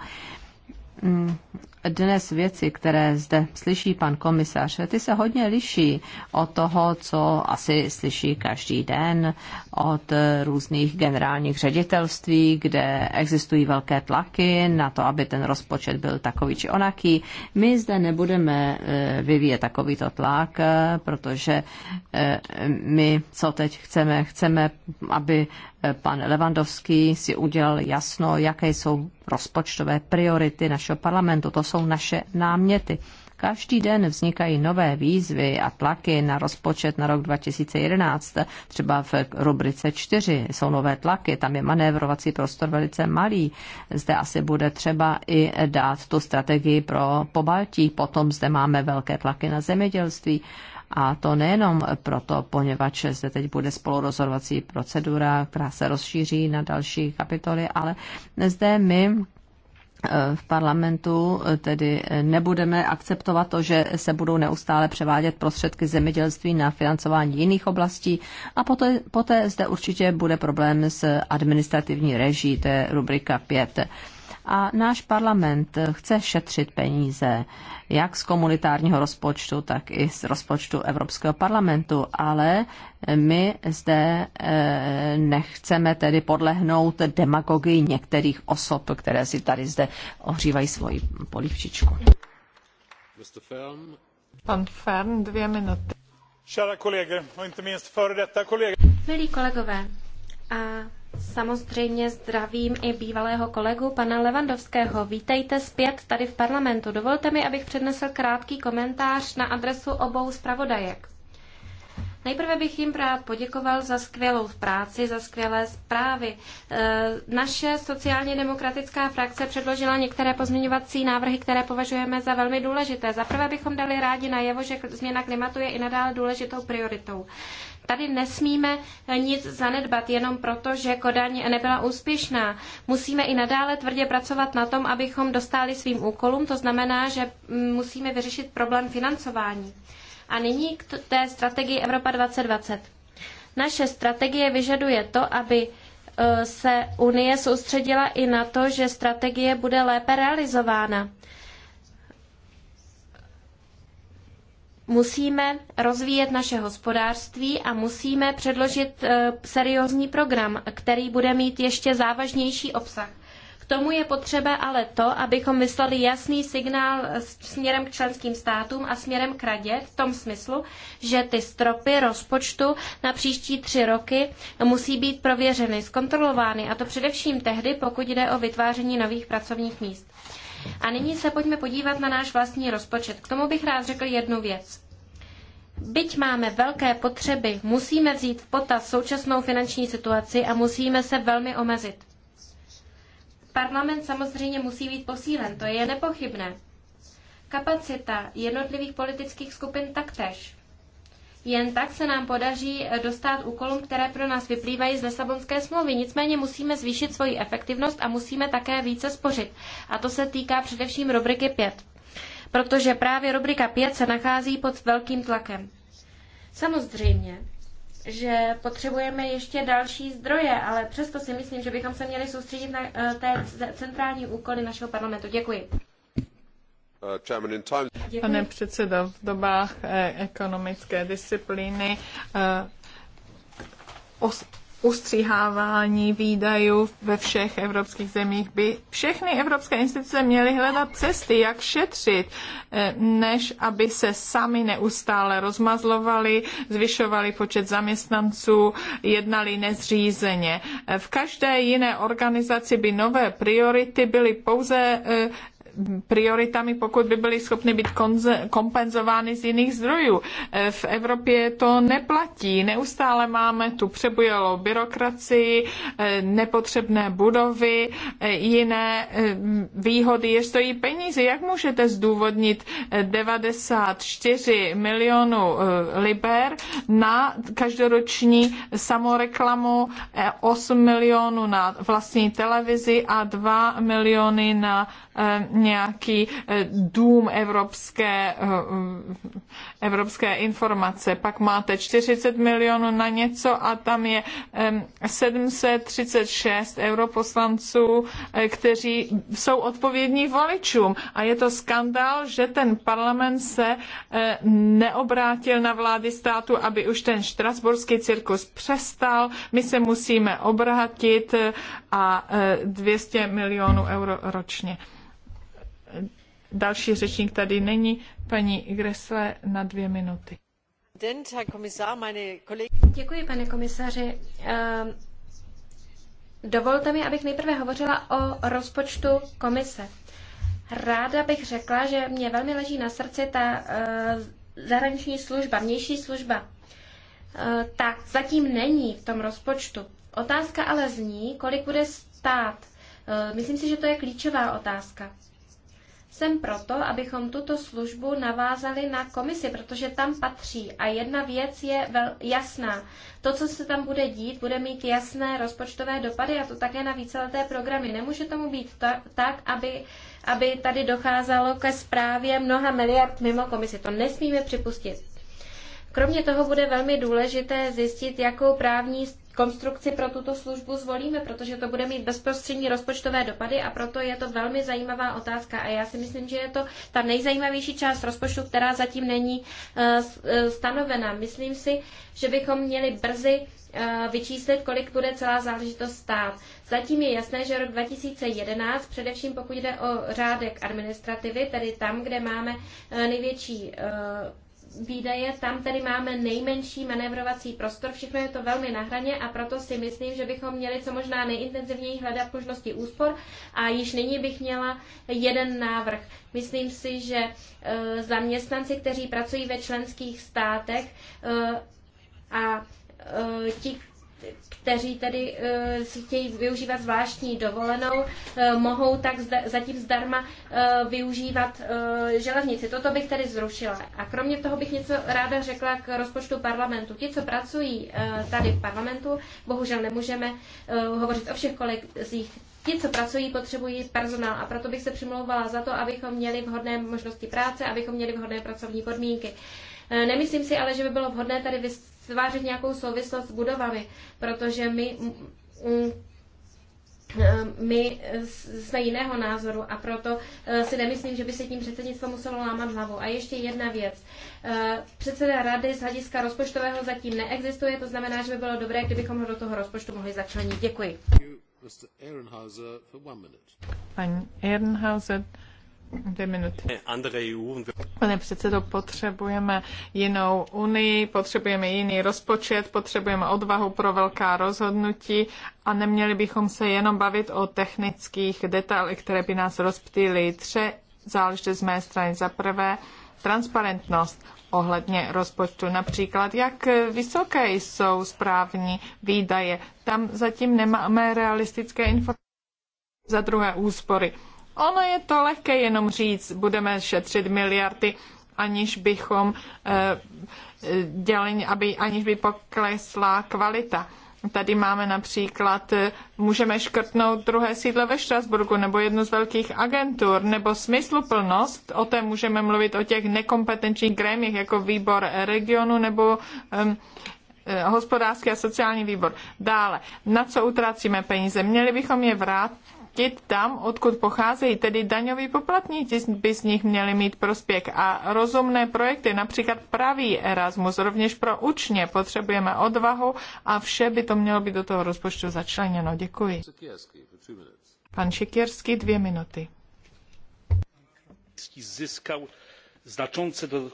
dnes věci, které zde slyší pan komisař, ty se hodně liší od toho, co asi slyší každý den od různých generálních ředitelství, kde existují velké tlaky na to, aby ten rozpočet byl takový či onaký. My zde nebudeme eh, vyvíjet takovýto tlak, eh, protože eh, my, co teď chceme, chceme, aby pan Levandovský si udělal jasno, jaké jsou rozpočtové priority našeho parlamentu. To jsou naše náměty. Každý den vznikají nové výzvy a tlaky na rozpočet na rok 2011. Třeba v rubrice 4 jsou nové tlaky, tam je manévrovací prostor velice malý. Zde asi bude třeba i dát tu strategii pro pobaltí. Potom zde máme velké tlaky na zemědělství. A to nejenom proto, poněvadž zde teď bude spolurozhodovací procedura, která se rozšíří na další kapitoly, ale zde my eh, v parlamentu eh, tedy nebudeme akceptovat to, že se budou neustále převádět prostředky zemědělství na financování jiných oblastí a poté, poté zde určitě bude problém s administrativní reží, to je rubrika 5. A náš parlament chce šetřit peníze jak z komunitárního rozpočtu, tak i z rozpočtu Evropského parlamentu, ale my zde eh, nechceme tedy podlehnout demagogii některých osob, které si tady zde ohřívají svoji polivčičku. Pan Fern, dvě minuty. Milí kolegové, a samozřejmě zdravím i bývalého kolegu pana Levandovského. Vítejte zpět tady v parlamentu. Dovolte mi, abych přednesl krátký komentář na adresu obou zpravodajek. Nejprve bych jim rád poděkoval za skvělou práci, za skvělé zprávy. E, naše sociálně demokratická frakce předložila některé pozměňovací návrhy, které považujeme za velmi důležité. Za prvé bychom dali rádi najevo, že změna klimatu je i nadále důležitou prioritou. Tady nesmíme nic zanedbat jenom proto, že Kodaň nebyla úspěšná. Musíme i nadále tvrdě pracovat na tom, abychom dostali svým úkolům. To znamená, že mm, musíme vyřešit problém financování. A nyní k té strategii Evropa 2020. Naše strategie vyžaduje to, aby e, se Unie soustředila i na to, že strategie bude lépe realizována. musíme rozvíjet naše hospodářství a musíme předložit eh, seriózní program, který bude mít ještě závažnější obsah. K tomu je potřeba ale to, abychom vyslali jasný signál eh, směrem k členským státům a směrem k radě v tom smyslu, že ty stropy rozpočtu na příští tři roky musí být prověřeny, zkontrolovány a to především tehdy, pokud jde o vytváření nových pracovních míst. A nyní se pojďme podívat na náš vlastní rozpočet. K tomu bych rád řekl jednu věc. Byť máme velké potřeby, musíme vzít v potaz současnou finanční situaci a musíme se velmi omezit. Parlament samozřejmě musí být posílen, to je nepochybné. Kapacita jednotlivých politických skupin taktéž. Jen tak se nám podaří dostat úkolům, které pro nás vyplývají z Lisabonské smlouvy. Nicméně musíme zvýšit svoji efektivnost a musíme také více spořit. A to se týká především rubriky 5. Protože právě rubrika 5 se nachází pod velkým tlakem. Samozřejmě, že potřebujeme ještě další zdroje, ale přesto si myslím, že bychom se měli soustředit na eh, té centrální úkoly našeho parlamentu. Děkuji. Pane předsedo, v dobách eh, ekonomické disciplíny eh, ustřihávání výdajů ve všech evropských zemích by všechny evropské instituce měly hledat cesty, jak šetřit, eh, než aby se sami neustále rozmazlovali, zvyšovali počet zaměstnanců, jednali nezřízeně. V každé jiné organizaci by nové priority byly pouze prioritami, pokud by byly schopny být kompenzovány z jiných zdrojů. E, v Evropě to neplatí. Neustále máme tu přebujelou byrokracii, e, nepotřebné budovy, e, jiné výhody, jež stojí peníze. Jak můžete zdůvodnit 94 milionů liber na každoroční samoreklamu, 8 milionů na vlastní televizi a 2 miliony na Eh, nějaký eh, dům evropské, eh, evropské informace. Pak máte 40 milionů na něco a tam je 736 europoslanců, kteří jsou odpovědní voličům. A je to skandál, že ten parlament se neobrátil na vlády státu, aby už ten štrasburský cirkus přestal. My se musíme obrátit a 200 milionů euro ročně. Další řečník tady není. Paní Gresle na dvě minuty. Děkuji, pane komisaři. Ehm, dovolte mi, abych nejprve hovořila o rozpočtu komise. Ráda bych řekla, že mě velmi leží na srdci ta eh, zahraniční služba, vnější služba. Eh, tak zatím není v tom rozpočtu. Otázka ale zní, kolik bude stát. Eh, myslím si, že to je klíčová otázka. Jsem proto, abychom tuto službu navázali na komisi, protože tam patří. A jedna věc je jasná. To, co se tam bude dít, bude mít jasné rozpočtové dopady a to také na víceleté programy. Nemůže tomu být ta, tak, aby, aby tady docházelo ke zprávě mnoha miliard mimo komisi. To nesmíme připustit. Kromě toho bude velmi důležité zjistit, jakou právní konstrukci pro tuto službu zvolíme, protože to bude mít bezprostřední rozpočtové dopady a proto je to velmi zajímavá otázka. A já si myslím, že je to ta nejzajímavější část rozpočtu, která zatím není eh, eh, stanovena. Myslím si, že bychom měli brzy eh, vyčíslit, kolik bude celá záležitost stát. Zatím je jasné, že rok 2011, především pokud jde o řádek administrativy, tedy tam, kde máme největší výdaje, tam tedy máme nejmenší manevrovací prostor, všechno je to velmi na hraně a proto si myslím, že bychom měli co možná nejintenzivněji hledat možnosti úspor a již nyní bych měla jeden návrh. Myslím si, že e, zaměstnanci, kteří pracují ve členských státech e, a e, ti, kteří tedy eh, si chtějí využívat zvláštní dovolenou, eh, mohou tak zda, zatím zdarma eh, využívat železnici. Toto bych tedy zrušila. A kromě toho bych něco ráda řekla k rozpočtu parlamentu. Ti, co pracují tady v parlamentu, bohužel nemůžeme hovořit o všech kolegích, ti, co pracují, potřebují personál a proto bych se přimlouvala za to, abychom měli vhodné možnosti práce, abychom měli vhodné pracovní podmínky. Nemyslím si ale, že by bylo vhodné tady vytvářet nějakou souvislost s budovami, protože my, mm, mm, my jsme jiného názoru a proto eh, si nemyslím, že by se tím předsednictvo muselo lámat hlavu. A ještě jedna věc. Eh, předseda rady z hlediska rozpočtového zatím neexistuje, to znamená, že by bylo dobré, kdybychom ho do toho rozpočtu mohli začlenit. Děkuji. Paní Ehrenhauser, Dvě minuty. Pane předsedo, potřebujeme jinou unii, potřebujeme jiný rozpočet, potřebujeme odvahu pro velká rozhodnutí a neměli bychom se jenom bavit o technických detailech, které by nás rozptýly. Tře záležitosti z mé strany. Za prvé, transparentnost ohledně rozpočtu. Například, jak vysoké jsou správní výdaje. Tam zatím nemáme realistické informace. Za druhé, úspory Ono je to lehké jenom říct, budeme šetřit miliardy, aniž bychom eh, dělali, aby, aniž by poklesla kvalita. Tady máme například, eh, můžeme škrtnout druhé sídlo ve Štrasburgu nebo jednu z velkých agentur, nebo smysluplnost, o té můžeme mluvit o těch nekompetenčních grémích jako výbor regionu nebo um, hospodářský a sociální výbor. Dále, na co utrácíme peníze? Měli bychom je vrátit platit tam, odkud pocházejí, tedy daňoví poplatníci by z nich měli mít prospěch a rozumné projekty, například pravý Erasmus, rovněž pro učně potřebujeme odvahu a vše by to mělo být do toho rozpočtu začleněno. Děkuji. Pan Šikierský, dvě minuty. Získal znaczące do...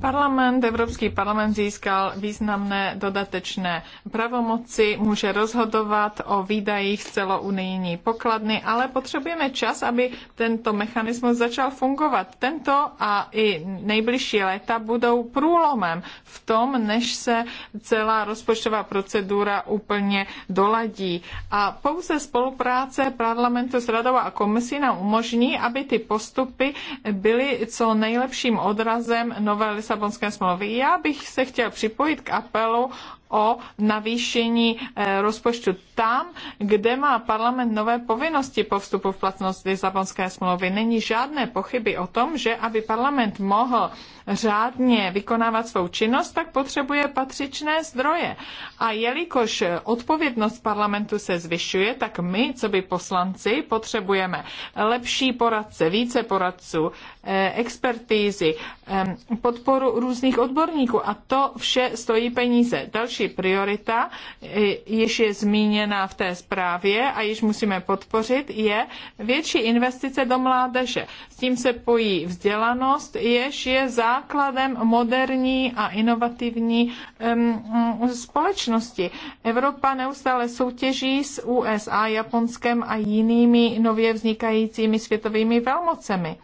Parlament, Evropský parlament získal významné dodatečné pravomoci, může rozhodovat o výdajích z celounijní pokladny, ale potřebujeme čas, aby tento mechanismus začal fungovat. Tento a i nejbližší léta budou průlomem v tom, než se celá rozpočtová procedura úplně doladí. A pouze spolupráce parlamentu s radou a komisí nám umožní, aby ty postupy byly co nejlepším odrazem nové Lisabonské smlouvy. Já bych se chtěl připojit k apelu o navýšení eh, rozpočtu tam, kde má parlament nové povinnosti po vstupu v platnost Lisabonské smlouvy. Není žádné pochyby o tom, že aby parlament mohl řádně vykonávat svou činnost, tak potřebuje patřičné zdroje. A jelikož odpovědnost parlamentu se zvyšuje, tak my, co by poslanci, potřebujeme lepší poradce, více poradců, eh, expertízy, eh, podporu různých odborníků a to vše stojí peníze. Další další priorita, již je zmíněna v té zprávě a již musíme podpořit, je větší investice do mládeže. S tím se pojí vzdělanost, jež je základem moderní a inovativní um, společnosti. Evropa neustále soutěží s USA, Japonskem a jinými nově vznikajícími světovými velmocemi.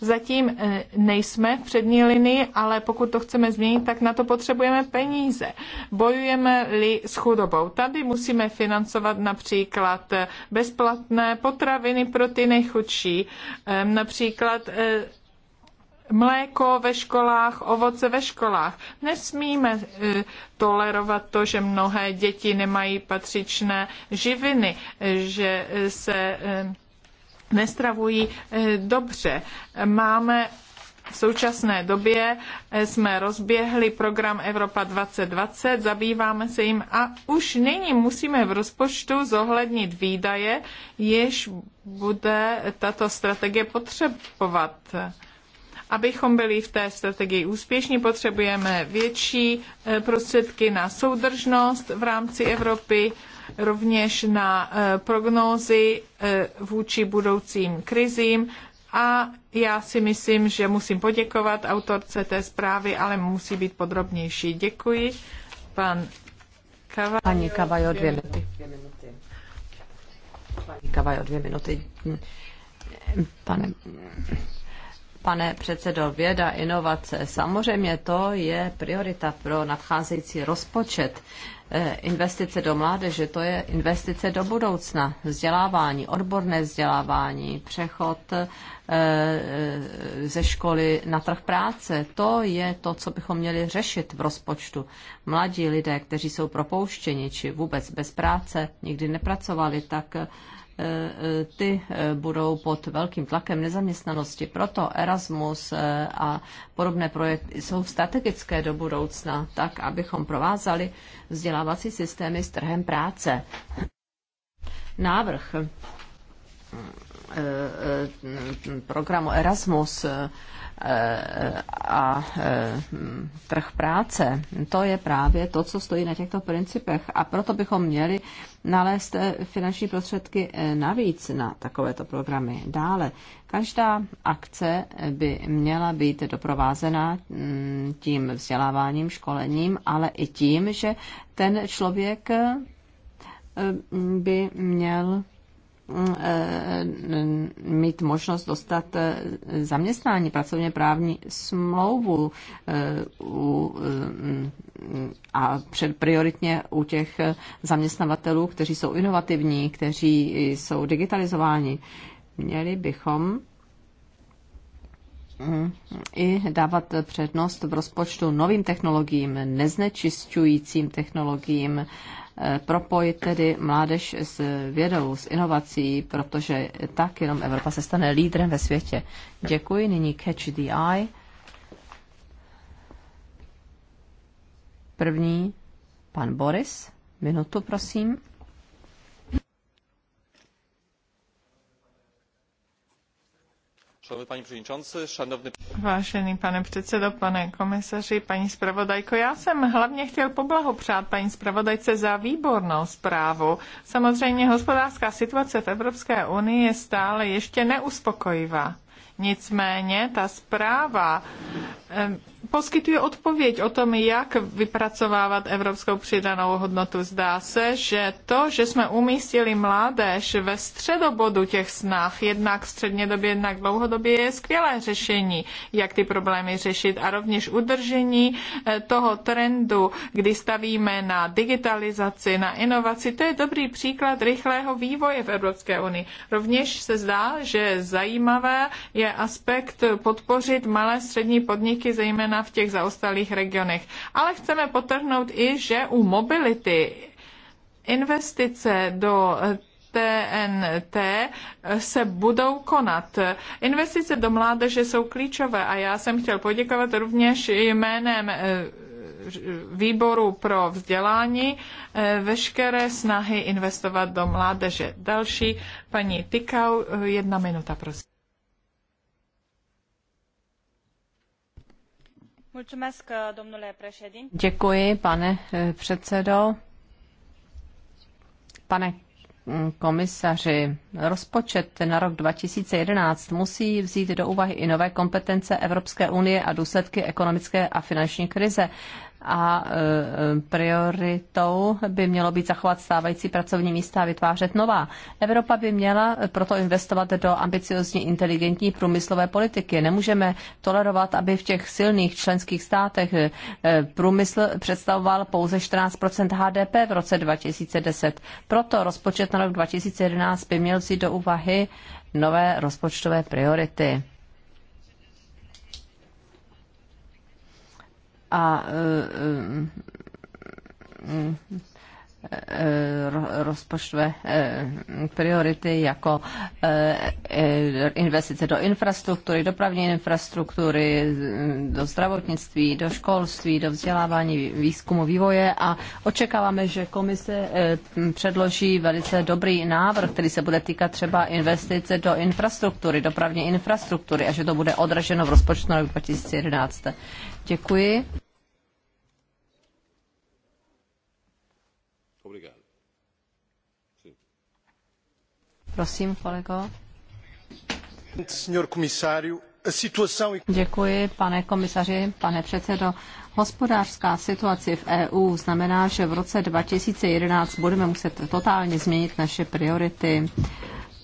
Zatím eh, nejsme v přední linii, ale pokud to chceme změnit, tak na to potřebujeme peníze. Bojujeme-li s chudobou. Tady musíme financovat například eh, bezplatné potraviny pro ty nejchudší, ehm, například eh, mléko ve školách, ovoce ve školách. Nesmíme tolerovat to, že mnohé děti nemají patřičné živiny, že se nestravují eh, dobře. Máme v současné době eh, jsme rozběhli program Evropa 2020, zabýváme se jim a už nyní musíme v rozpočtu zohlednit výdaje, jež bude tato strategie potřebovat. Abychom byli v té strategii úspěšní, potřebujeme větší eh, prostředky na soudržnost v rámci Evropy rovněž na eh, prognózy eh, vůči budoucím krizím a já si myslím, že musím poděkovat autorce té zprávy, ale musí být podrobnější. Děkuji. Pan Kavajo. Pani Kavajo, dvě minuty. Pani Kavajo, dvě minuty. Pane pane předsedo, věda, inovace, samozřejmě to je priorita pro nadcházející rozpočet. Eh, investice do mládeže, to je investice do budoucna, vzdělávání, odborné vzdělávání, přechod eh, eh, ze školy na trh práce. To je to, co bychom měli řešit v rozpočtu. Mladí lidé, kteří jsou propouštěni či vůbec bez práce, nikdy nepracovali, tak ty eh, budou pod velkým tlakem nezaměstnanosti. Proto Erasmus eh, a podobné projekty jsou strategické do budoucna, tak abychom provázali vzdělávací systémy s trhem práce. Návrh eh, programu Erasmus Eh, a eh, trh práce, to je právě to, co stojí na těchto principech. A proto bychom měli nalézt eh, finanční prostředky navíc na takovéto programy. Dále, každá akce by měla být doprovázena mm, tím vzděláváním, školením, ale i tím, že ten člověk by měl Mm, eh, mít možnost dostat eh, zaměstnání, pracovně právní smlouvu eh, mm, a před prioritně u těch zaměstnavatelů, kteří jsou inovativní, kteří jsou digitalizováni. Měli bychom mm, i dávat přednost v rozpočtu novým technologiím, neznečišťujícím technologiím, propojit tedy mládež s vědou, s inovací, protože tak jenom Evropa se stane lídrem ve světě. Děkuji. Nyní Catch the Eye. První, pan Boris. Minutu, prosím. Vážený pane předsedo, pane komisaři, paní zpravodajko, já jsem hlavně chtěl poblahopřát paní zpravodajce za výbornou zprávu. Samozřejmě hospodářská situace v Evropské unii je stále ještě neuspokojivá. Nicméně ta zpráva poskytuje odpověď o tom, jak vypracovávat evropskou přidanou hodnotu. Zdá se, že to, že jsme umístili mládež ve středobodu těch snah, jednak střednědobě, jednak dlouhodobě, je skvělé řešení, jak ty problémy řešit a rovněž udržení eh, toho trendu, kdy stavíme na digitalizaci, na inovaci. To je dobrý příklad rychlého vývoje v Evropské unii. Rovněž se zdá, že zajímavé je aspekt podpořit malé střední podniky, zejména zejména v těch zaostalých regionech. Ale chceme potrhnout i, že u mobility investice do TNT eh, eh, se budou konat. Investice do mládeže jsou klíčové a já jsem chtěl poděkovat rovněž jménem eh, výboru pro vzdělání veškeré snahy investovat do mládeže. Další paní Tykau, jedna minuta, prosím. Uh, Děkuji, pane eh, předsedo. Pane mm, komisaři, rozpočet na rok 2011 musí vzít do úvahy i nové kompetence Evropské unie a důsledky ekonomické a finanční krize a e, e, prioritou by mělo být zachovat stávající pracovní místa a vytvářet nová. Evropa by měla proto investovat do ambiciozní inteligentní průmyslové politiky. Nemůžeme tolerovat, aby v těch silných členských státech e, průmysl představoval pouze 14 HDP v roce 2010. Proto rozpočet na rok 2011 by měl vzít do úvahy nové rozpočtové priority. a eh, eh, eh, rozpočtové priority jako investice do infrastruktury, dopravní infrastruktury, do zdravotnictví, do školství, do vzdělávání, výzkumu, vývoje a očekáváme, že komise předloží velice dobrý návrh, který se bude týkat třeba investice do infrastruktury, dopravní infrastruktury a že to bude odraženo v rozpočtu na 2011. Děkuji. Prosím, kolego. Děkuji, pane komisaři, pane předsedo. Hospodářská situace v EU znamená, že v roce 2011 budeme muset totálně změnit naše priority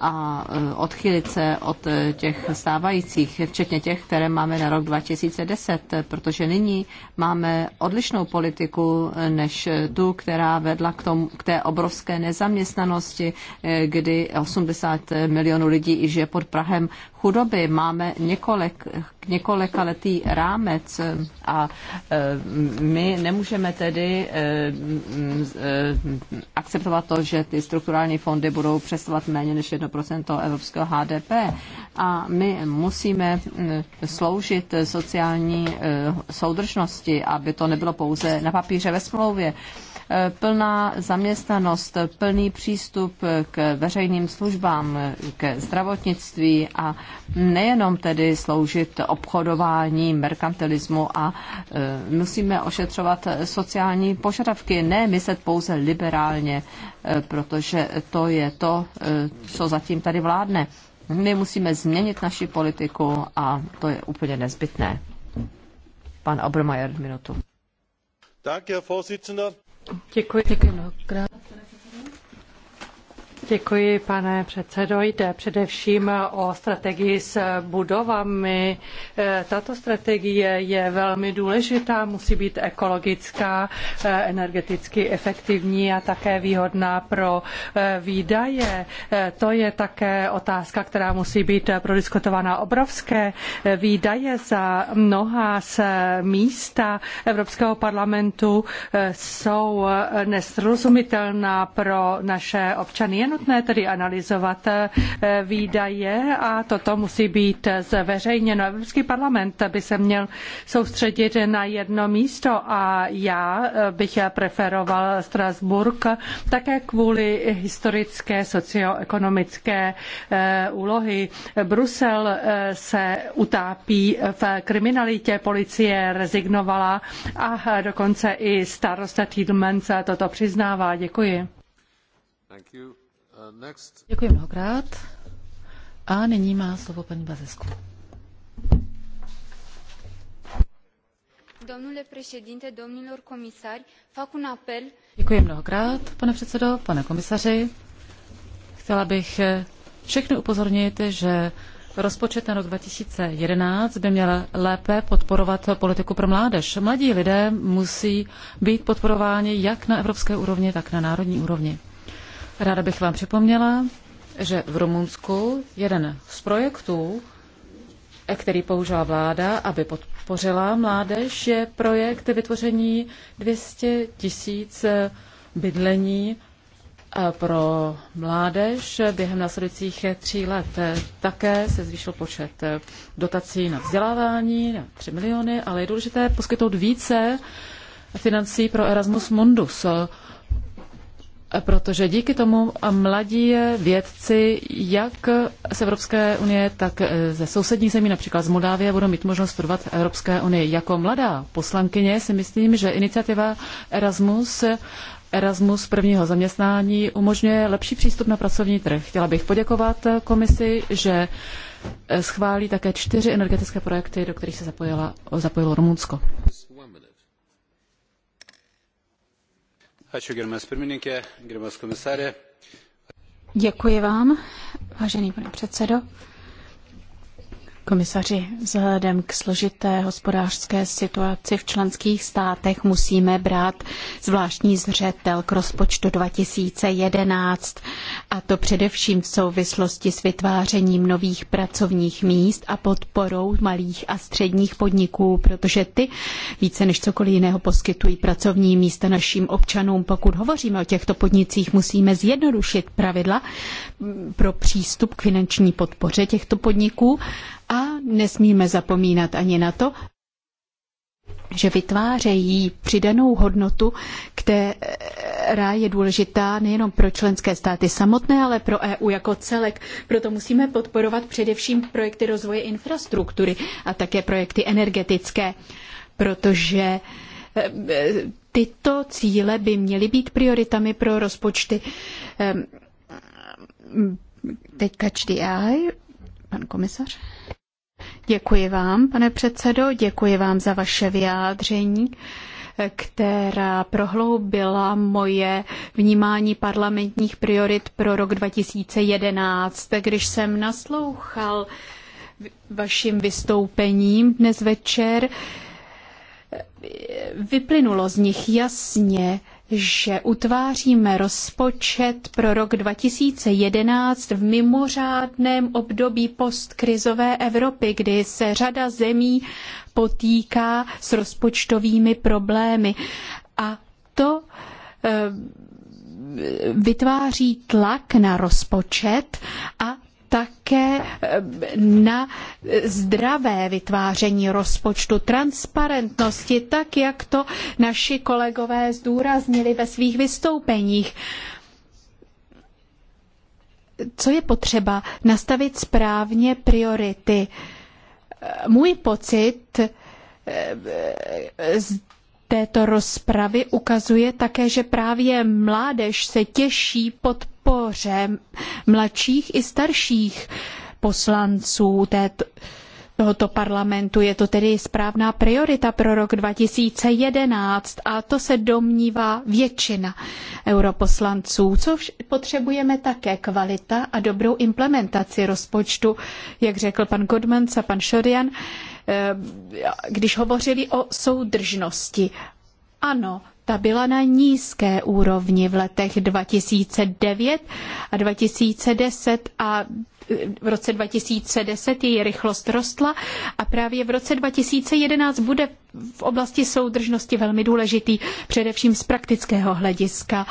a e, odchylit se od e, těch stávajících, včetně těch, které máme na rok 2010, protože nyní máme odlišnou politiku e, než tu, která vedla k, tomu, k té obrovské nezaměstnanosti, kdy 80 milionů lidí žije pod Prahem chudoby. Máme několik několika letý rámec a my nemůžeme tedy e, e, akceptovat to, že ty strukturální fondy budou přestovat méně než 1% evropského HDP a my musíme sloužit sociální e, soudržnosti, aby to nebylo pouze na papíře ve smlouvě plná zaměstnanost, plný přístup k veřejným službám, ke zdravotnictví a nejenom tedy sloužit obchodování, merkantilismu a e, musíme ošetřovat sociální požadavky, ne myslet pouze liberálně, e, protože to je to, e, co zatím tady vládne. My musíme změnit naši politiku a to je úplně nezbytné. Pan Obermajer, minutu. Děkuji, děkuji mnohokrát. Děkuji, pane předsedo. Jde především o strategii s budovami. Eh, tato strategie je velmi důležitá, musí být ekologická, eh, energeticky efektivní a také výhodná pro eh, výdaje. To je také otázka, která musí být prodiskutována. Obrovské výdaje za mnoha z místa Evropského parlamentu jsou nesrozumitelná pro naše občany. Jen nutné tedy analyzovat eh, výdaje a toto musí být zveřejněno. Evropský parlament by se měl soustředit na jedno místo a já eh, bych preferoval Strasburg také kvůli historické socioekonomické eh, úlohy. Brusel se utápí v kriminalitě, policie rezignovala a dokonce i starosta Tielemans toto přiznává. Děkuji. Thank you. Uh, Děkuji mnohokrát. A nyní má slovo paní Bazesku. Domnule președinte, domnilor comisari, fac un apel. Děkuji mnohokrát, pane předsedo, pane komisaři. Chtěla bych eh, všechny upozornit, že rozpočet na rok 2011 by měl lépe podporovat politiku pro mládež. Mladí lidé musí být podporováni jak na evropské úrovni, tak na národní úrovni. Ráda bych vám připomněla, že v Rumunsku jeden z projektů, který použila vláda, aby podpořila mládež, je projekt vytvoření 200 tisíc bydlení eh, pro mládež během následujících tří let. Také se zvýšil počet dotací na vzdělávání na 3 miliony, ale je důležité poskytnout více financí pro Erasmus Mundus protože díky tomu mladí vědci, jak z Evropské unie, tak eh, ze sousedních zemí, například z Moldávie, budou mít možnost studovat v Evropské unii. Jako mladá poslankyně si myslím, že iniciativa Erasmus Erasmus prvního zaměstnání umožňuje lepší přístup na pracovní trh. Chtěla bych poděkovat komisi, že eh, schválí také čtyři energetické projekty, do kterých se zapojila, zapojilo Rumunsko. Ačiū, gerbiamas pirmininkė, gerbiamas komisarė. Děkuji vám, vážený pane předsedo. Komisaři, vzhledem k složité hospodářské situaci v členských státech musíme brát zvláštní zřetel k rozpočtu 2011, a to především v souvislosti s vytvářením nových pracovních míst a podporou malých a středních podniků, protože ty více než cokoliv jiného poskytují pracovní místa našim občanům. Pokud hovoříme o těchto podnicích, musíme zjednodušit pravidla pro přístup k finanční podpoře těchto podniků a nesmíme zapomínat ani na to, že vytvářejí přidanou hodnotu, která je důležitá nejenom pro členské státy samotné, ale pro EU jako celek. Proto musíme podporovat především projekty rozvoje infrastruktury a také projekty energetické, protože e, tyto cíle by měly být prioritami pro rozpočty. Ehm, teďka HDI Pan komisař. Děkuji vám, pane předsedo, děkuji vám za vaše vyjádření která prohloubila moje vnímání parlamentních priorit pro rok 2011. Když jsem naslouchal vašim vystoupením dnes večer, vyplynulo z nich jasně, že utváříme rozpočet pro rok 2011 v mimořádném období postkrizové Evropy, kdy se řada zemí potýká s rozpočtovými problémy. A to eh, vytváří tlak na rozpočet a také eh, na zdravé vytváření rozpočtu, transparentnosti, tak jak to naši kolegové zdůraznili ve svých vystoupeních co je potřeba nastavit správně priority. Můj pocit eh, této rozpravy ukazuje také, že právě mládež se těší podpoře mladších i starších poslanců této, tohoto parlamentu. Je to tedy správná priorita pro rok 2011 a to se domnívá většina europoslanců. Co potřebujeme také kvalita a dobrou implementaci rozpočtu, jak řekl pan Godmans a pan Šorian. Eh, když hovořili o soudržnosti. Ano, ta byla na nízké úrovni v letech 2009 a 2010 a v roce 2010 její rychlost rostla a právě v roce 2011 bude v oblasti soudržnosti velmi důležitý, především z praktického hlediska.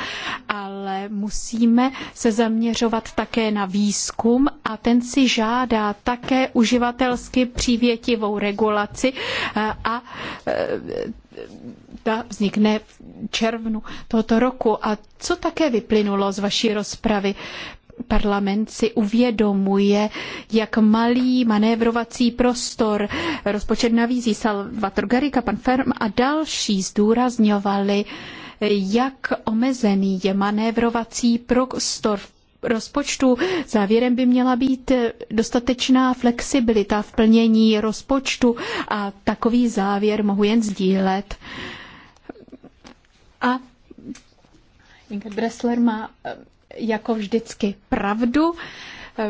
Ale musíme se zaměřovat také na výzkum a ten si žádá také uživatelsky přívětivou regulaci eh, a eh, ta vznikne v červnu tohoto roku. A co také vyplynulo z vaší rozpravy? Parlament si uvědomuje, jak malý manévrovací prostor rozpočet navízí Salvator Garika, pan Ferm a další zdůrazňovali, jak omezený je manévrovací prostor v rozpočtu. Závěrem by měla být dostatečná flexibilita v plnění rozpočtu a takový závěr mohu jen sdílet. A Inge Dressler má eh, jako vždycky pravdu eh,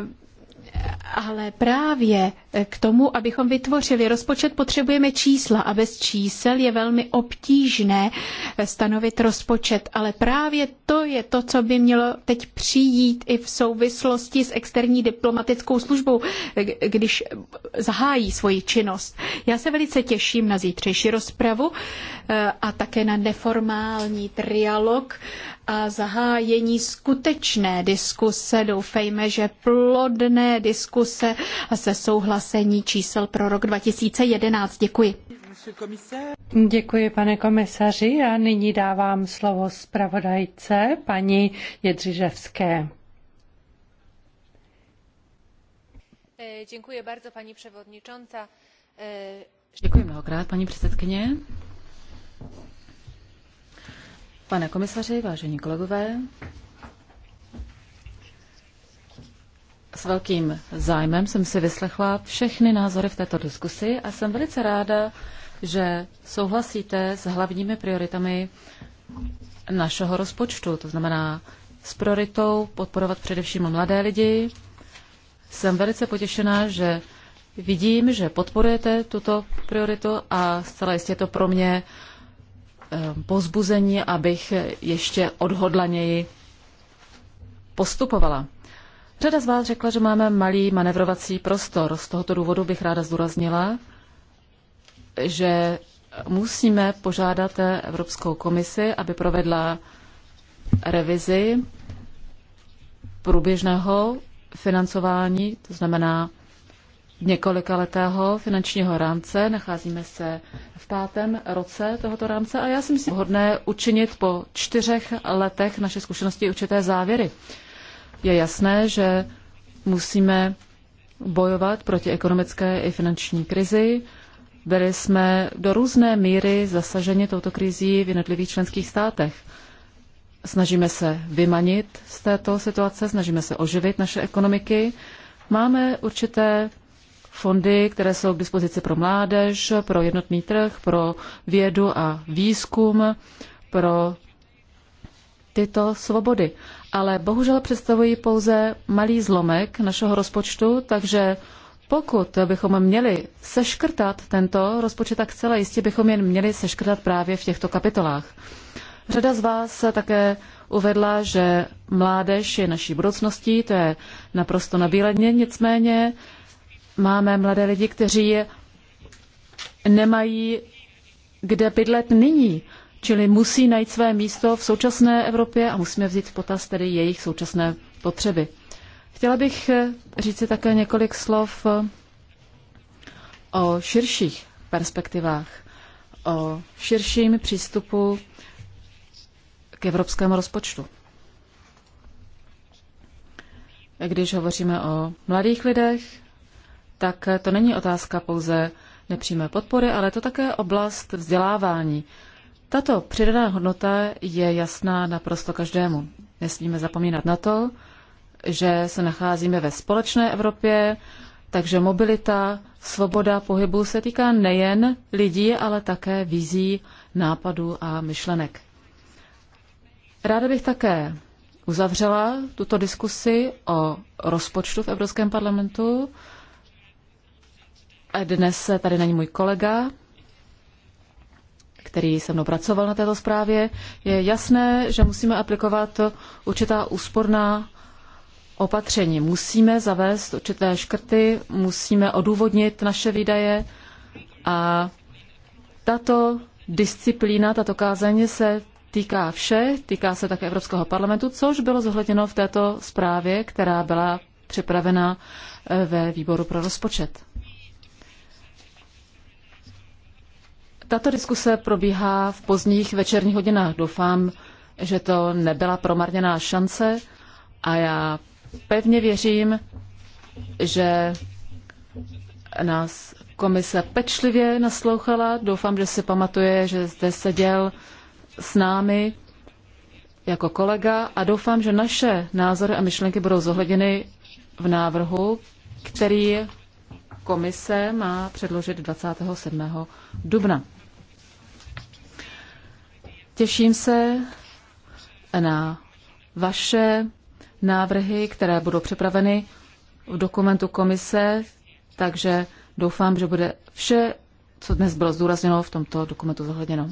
ale právě eh, k tomu, abychom vytvořili rozpočet, potřebujeme čísla a bez čísel je velmi obtížné eh, stanovit rozpočet. Ale právě to je to, co by mělo teď přijít i v souvislosti s externí diplomatickou službou, eh, když zahájí svoji činnost. Já se velice těším na zítřejší rozpravu. Eh, a také na neformální trialog a zahájení skutečné diskuse. Doufejme, že plodné diskuse a se souhlasení čísel pro rok 2011. Děkuji. Děkuji, pane komisaři, a nyní dávám slovo zpravodajce paní Jedřiževské. Eh, děkuji bardzo, paní eh, Děkuji mnohokrát, paní předsedkyně. Pane komisaři, vážení kolegové, s velkým zájmem jsem si vyslechla všechny názory v této diskusi a jsem velice ráda, že souhlasíte s hlavními prioritami našeho rozpočtu, to znamená s prioritou podporovat především mladé lidi. Jsem velice potěšená, že vidím, že podporujete tuto prioritu a zcela jistě je to pro mě uh, Eh, pozbuzení, abych ještě odhodlaněji postupovala. Řada z vás řekla, že máme malý manevrovací prostor. Z tohoto důvodu bych ráda zdůraznila, že musíme požádat Evropskou komisi, aby provedla revizi průběžného financování, to znamená několikaletého finančního rámce. Nacházíme se v pátém roce tohoto rámce a já si myslím, hodné učinit po čtyřech letech naše zkušenosti určité závěry. Je jasné, že musíme bojovat proti ekonomické i finanční krizi. Byli jsme do různé míry zasaženi touto krizí v jednotlivých členských státech. Snažíme se vymanit z této situace, snažíme se oživit naše ekonomiky. Máme určité fondy, které jsou k dispozici pro mládež, pro jednotný trh, pro vědu a výzkum, pro tyto svobody. Ale bohužel představují pouze malý zlomek našeho rozpočtu, takže pokud bychom měli seškrtat tento rozpočet, tak celé jistě bychom jen měli seškrtat právě v těchto kapitolách. Řada z vás také uvedla, že mládež je naší budoucností, to je naprosto nabíledně, nicméně máme mladé lidi, kteří nemají kde bydlet nyní, čili musí najít své místo v současné Evropě a musíme vzít v potaz tedy jejich současné potřeby. Chtěla bych eh, říci také několik slov eh, o širších perspektivách, o širším přístupu k evropskému rozpočtu. Když hovoříme o mladých lidech, tak to není otázka pouze nepřímé podpory, ale to také oblast vzdělávání. Tato přidaná hodnota je jasná naprosto každému. Nesmíme zapomínat na to, že se nacházíme ve společné Evropě, takže mobilita, svoboda pohybu se týká nejen lidí, ale také vizí, nápadů a myšlenek. Ráda bych také uzavřela tuto diskusi o rozpočtu v Evropském parlamentu. Dnes tady není můj kolega, který se mnou pracoval na této zprávě. Je jasné, že musíme aplikovat určitá úsporná opatření. Musíme zavést určité škrty, musíme odůvodnit naše výdaje a tato disciplína, tato kázeň se týká vše, týká se také Evropského parlamentu, což bylo zohledněno v této zprávě, která byla připravena eh, ve výboru pro rozpočet. Tato diskuse probíhá v pozdních večerních hodinách. Doufám, že to nebyla promarněná šance a já pevně věřím, že nás komise pečlivě naslouchala. Doufám, že si pamatuje, že zde seděl s námi jako kolega a doufám, že naše názory a myšlenky budou zohledněny v návrhu, který komise má předložit 27. dubna. Těším se na vaše návrhy, které budou připraveny v dokumentu komise, takže doufám, že bude vše, co dnes bylo zdůrazněno, v tomto dokumentu zohledněno.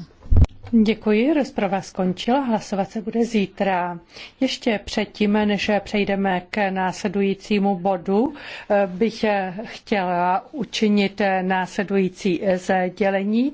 Děkuji, rozprava skončila, hlasovat se bude zítra. Ještě předtím, než přejdeme k následujícímu bodu, eh, bych eh, chtěla učinit eh, následující sdělení.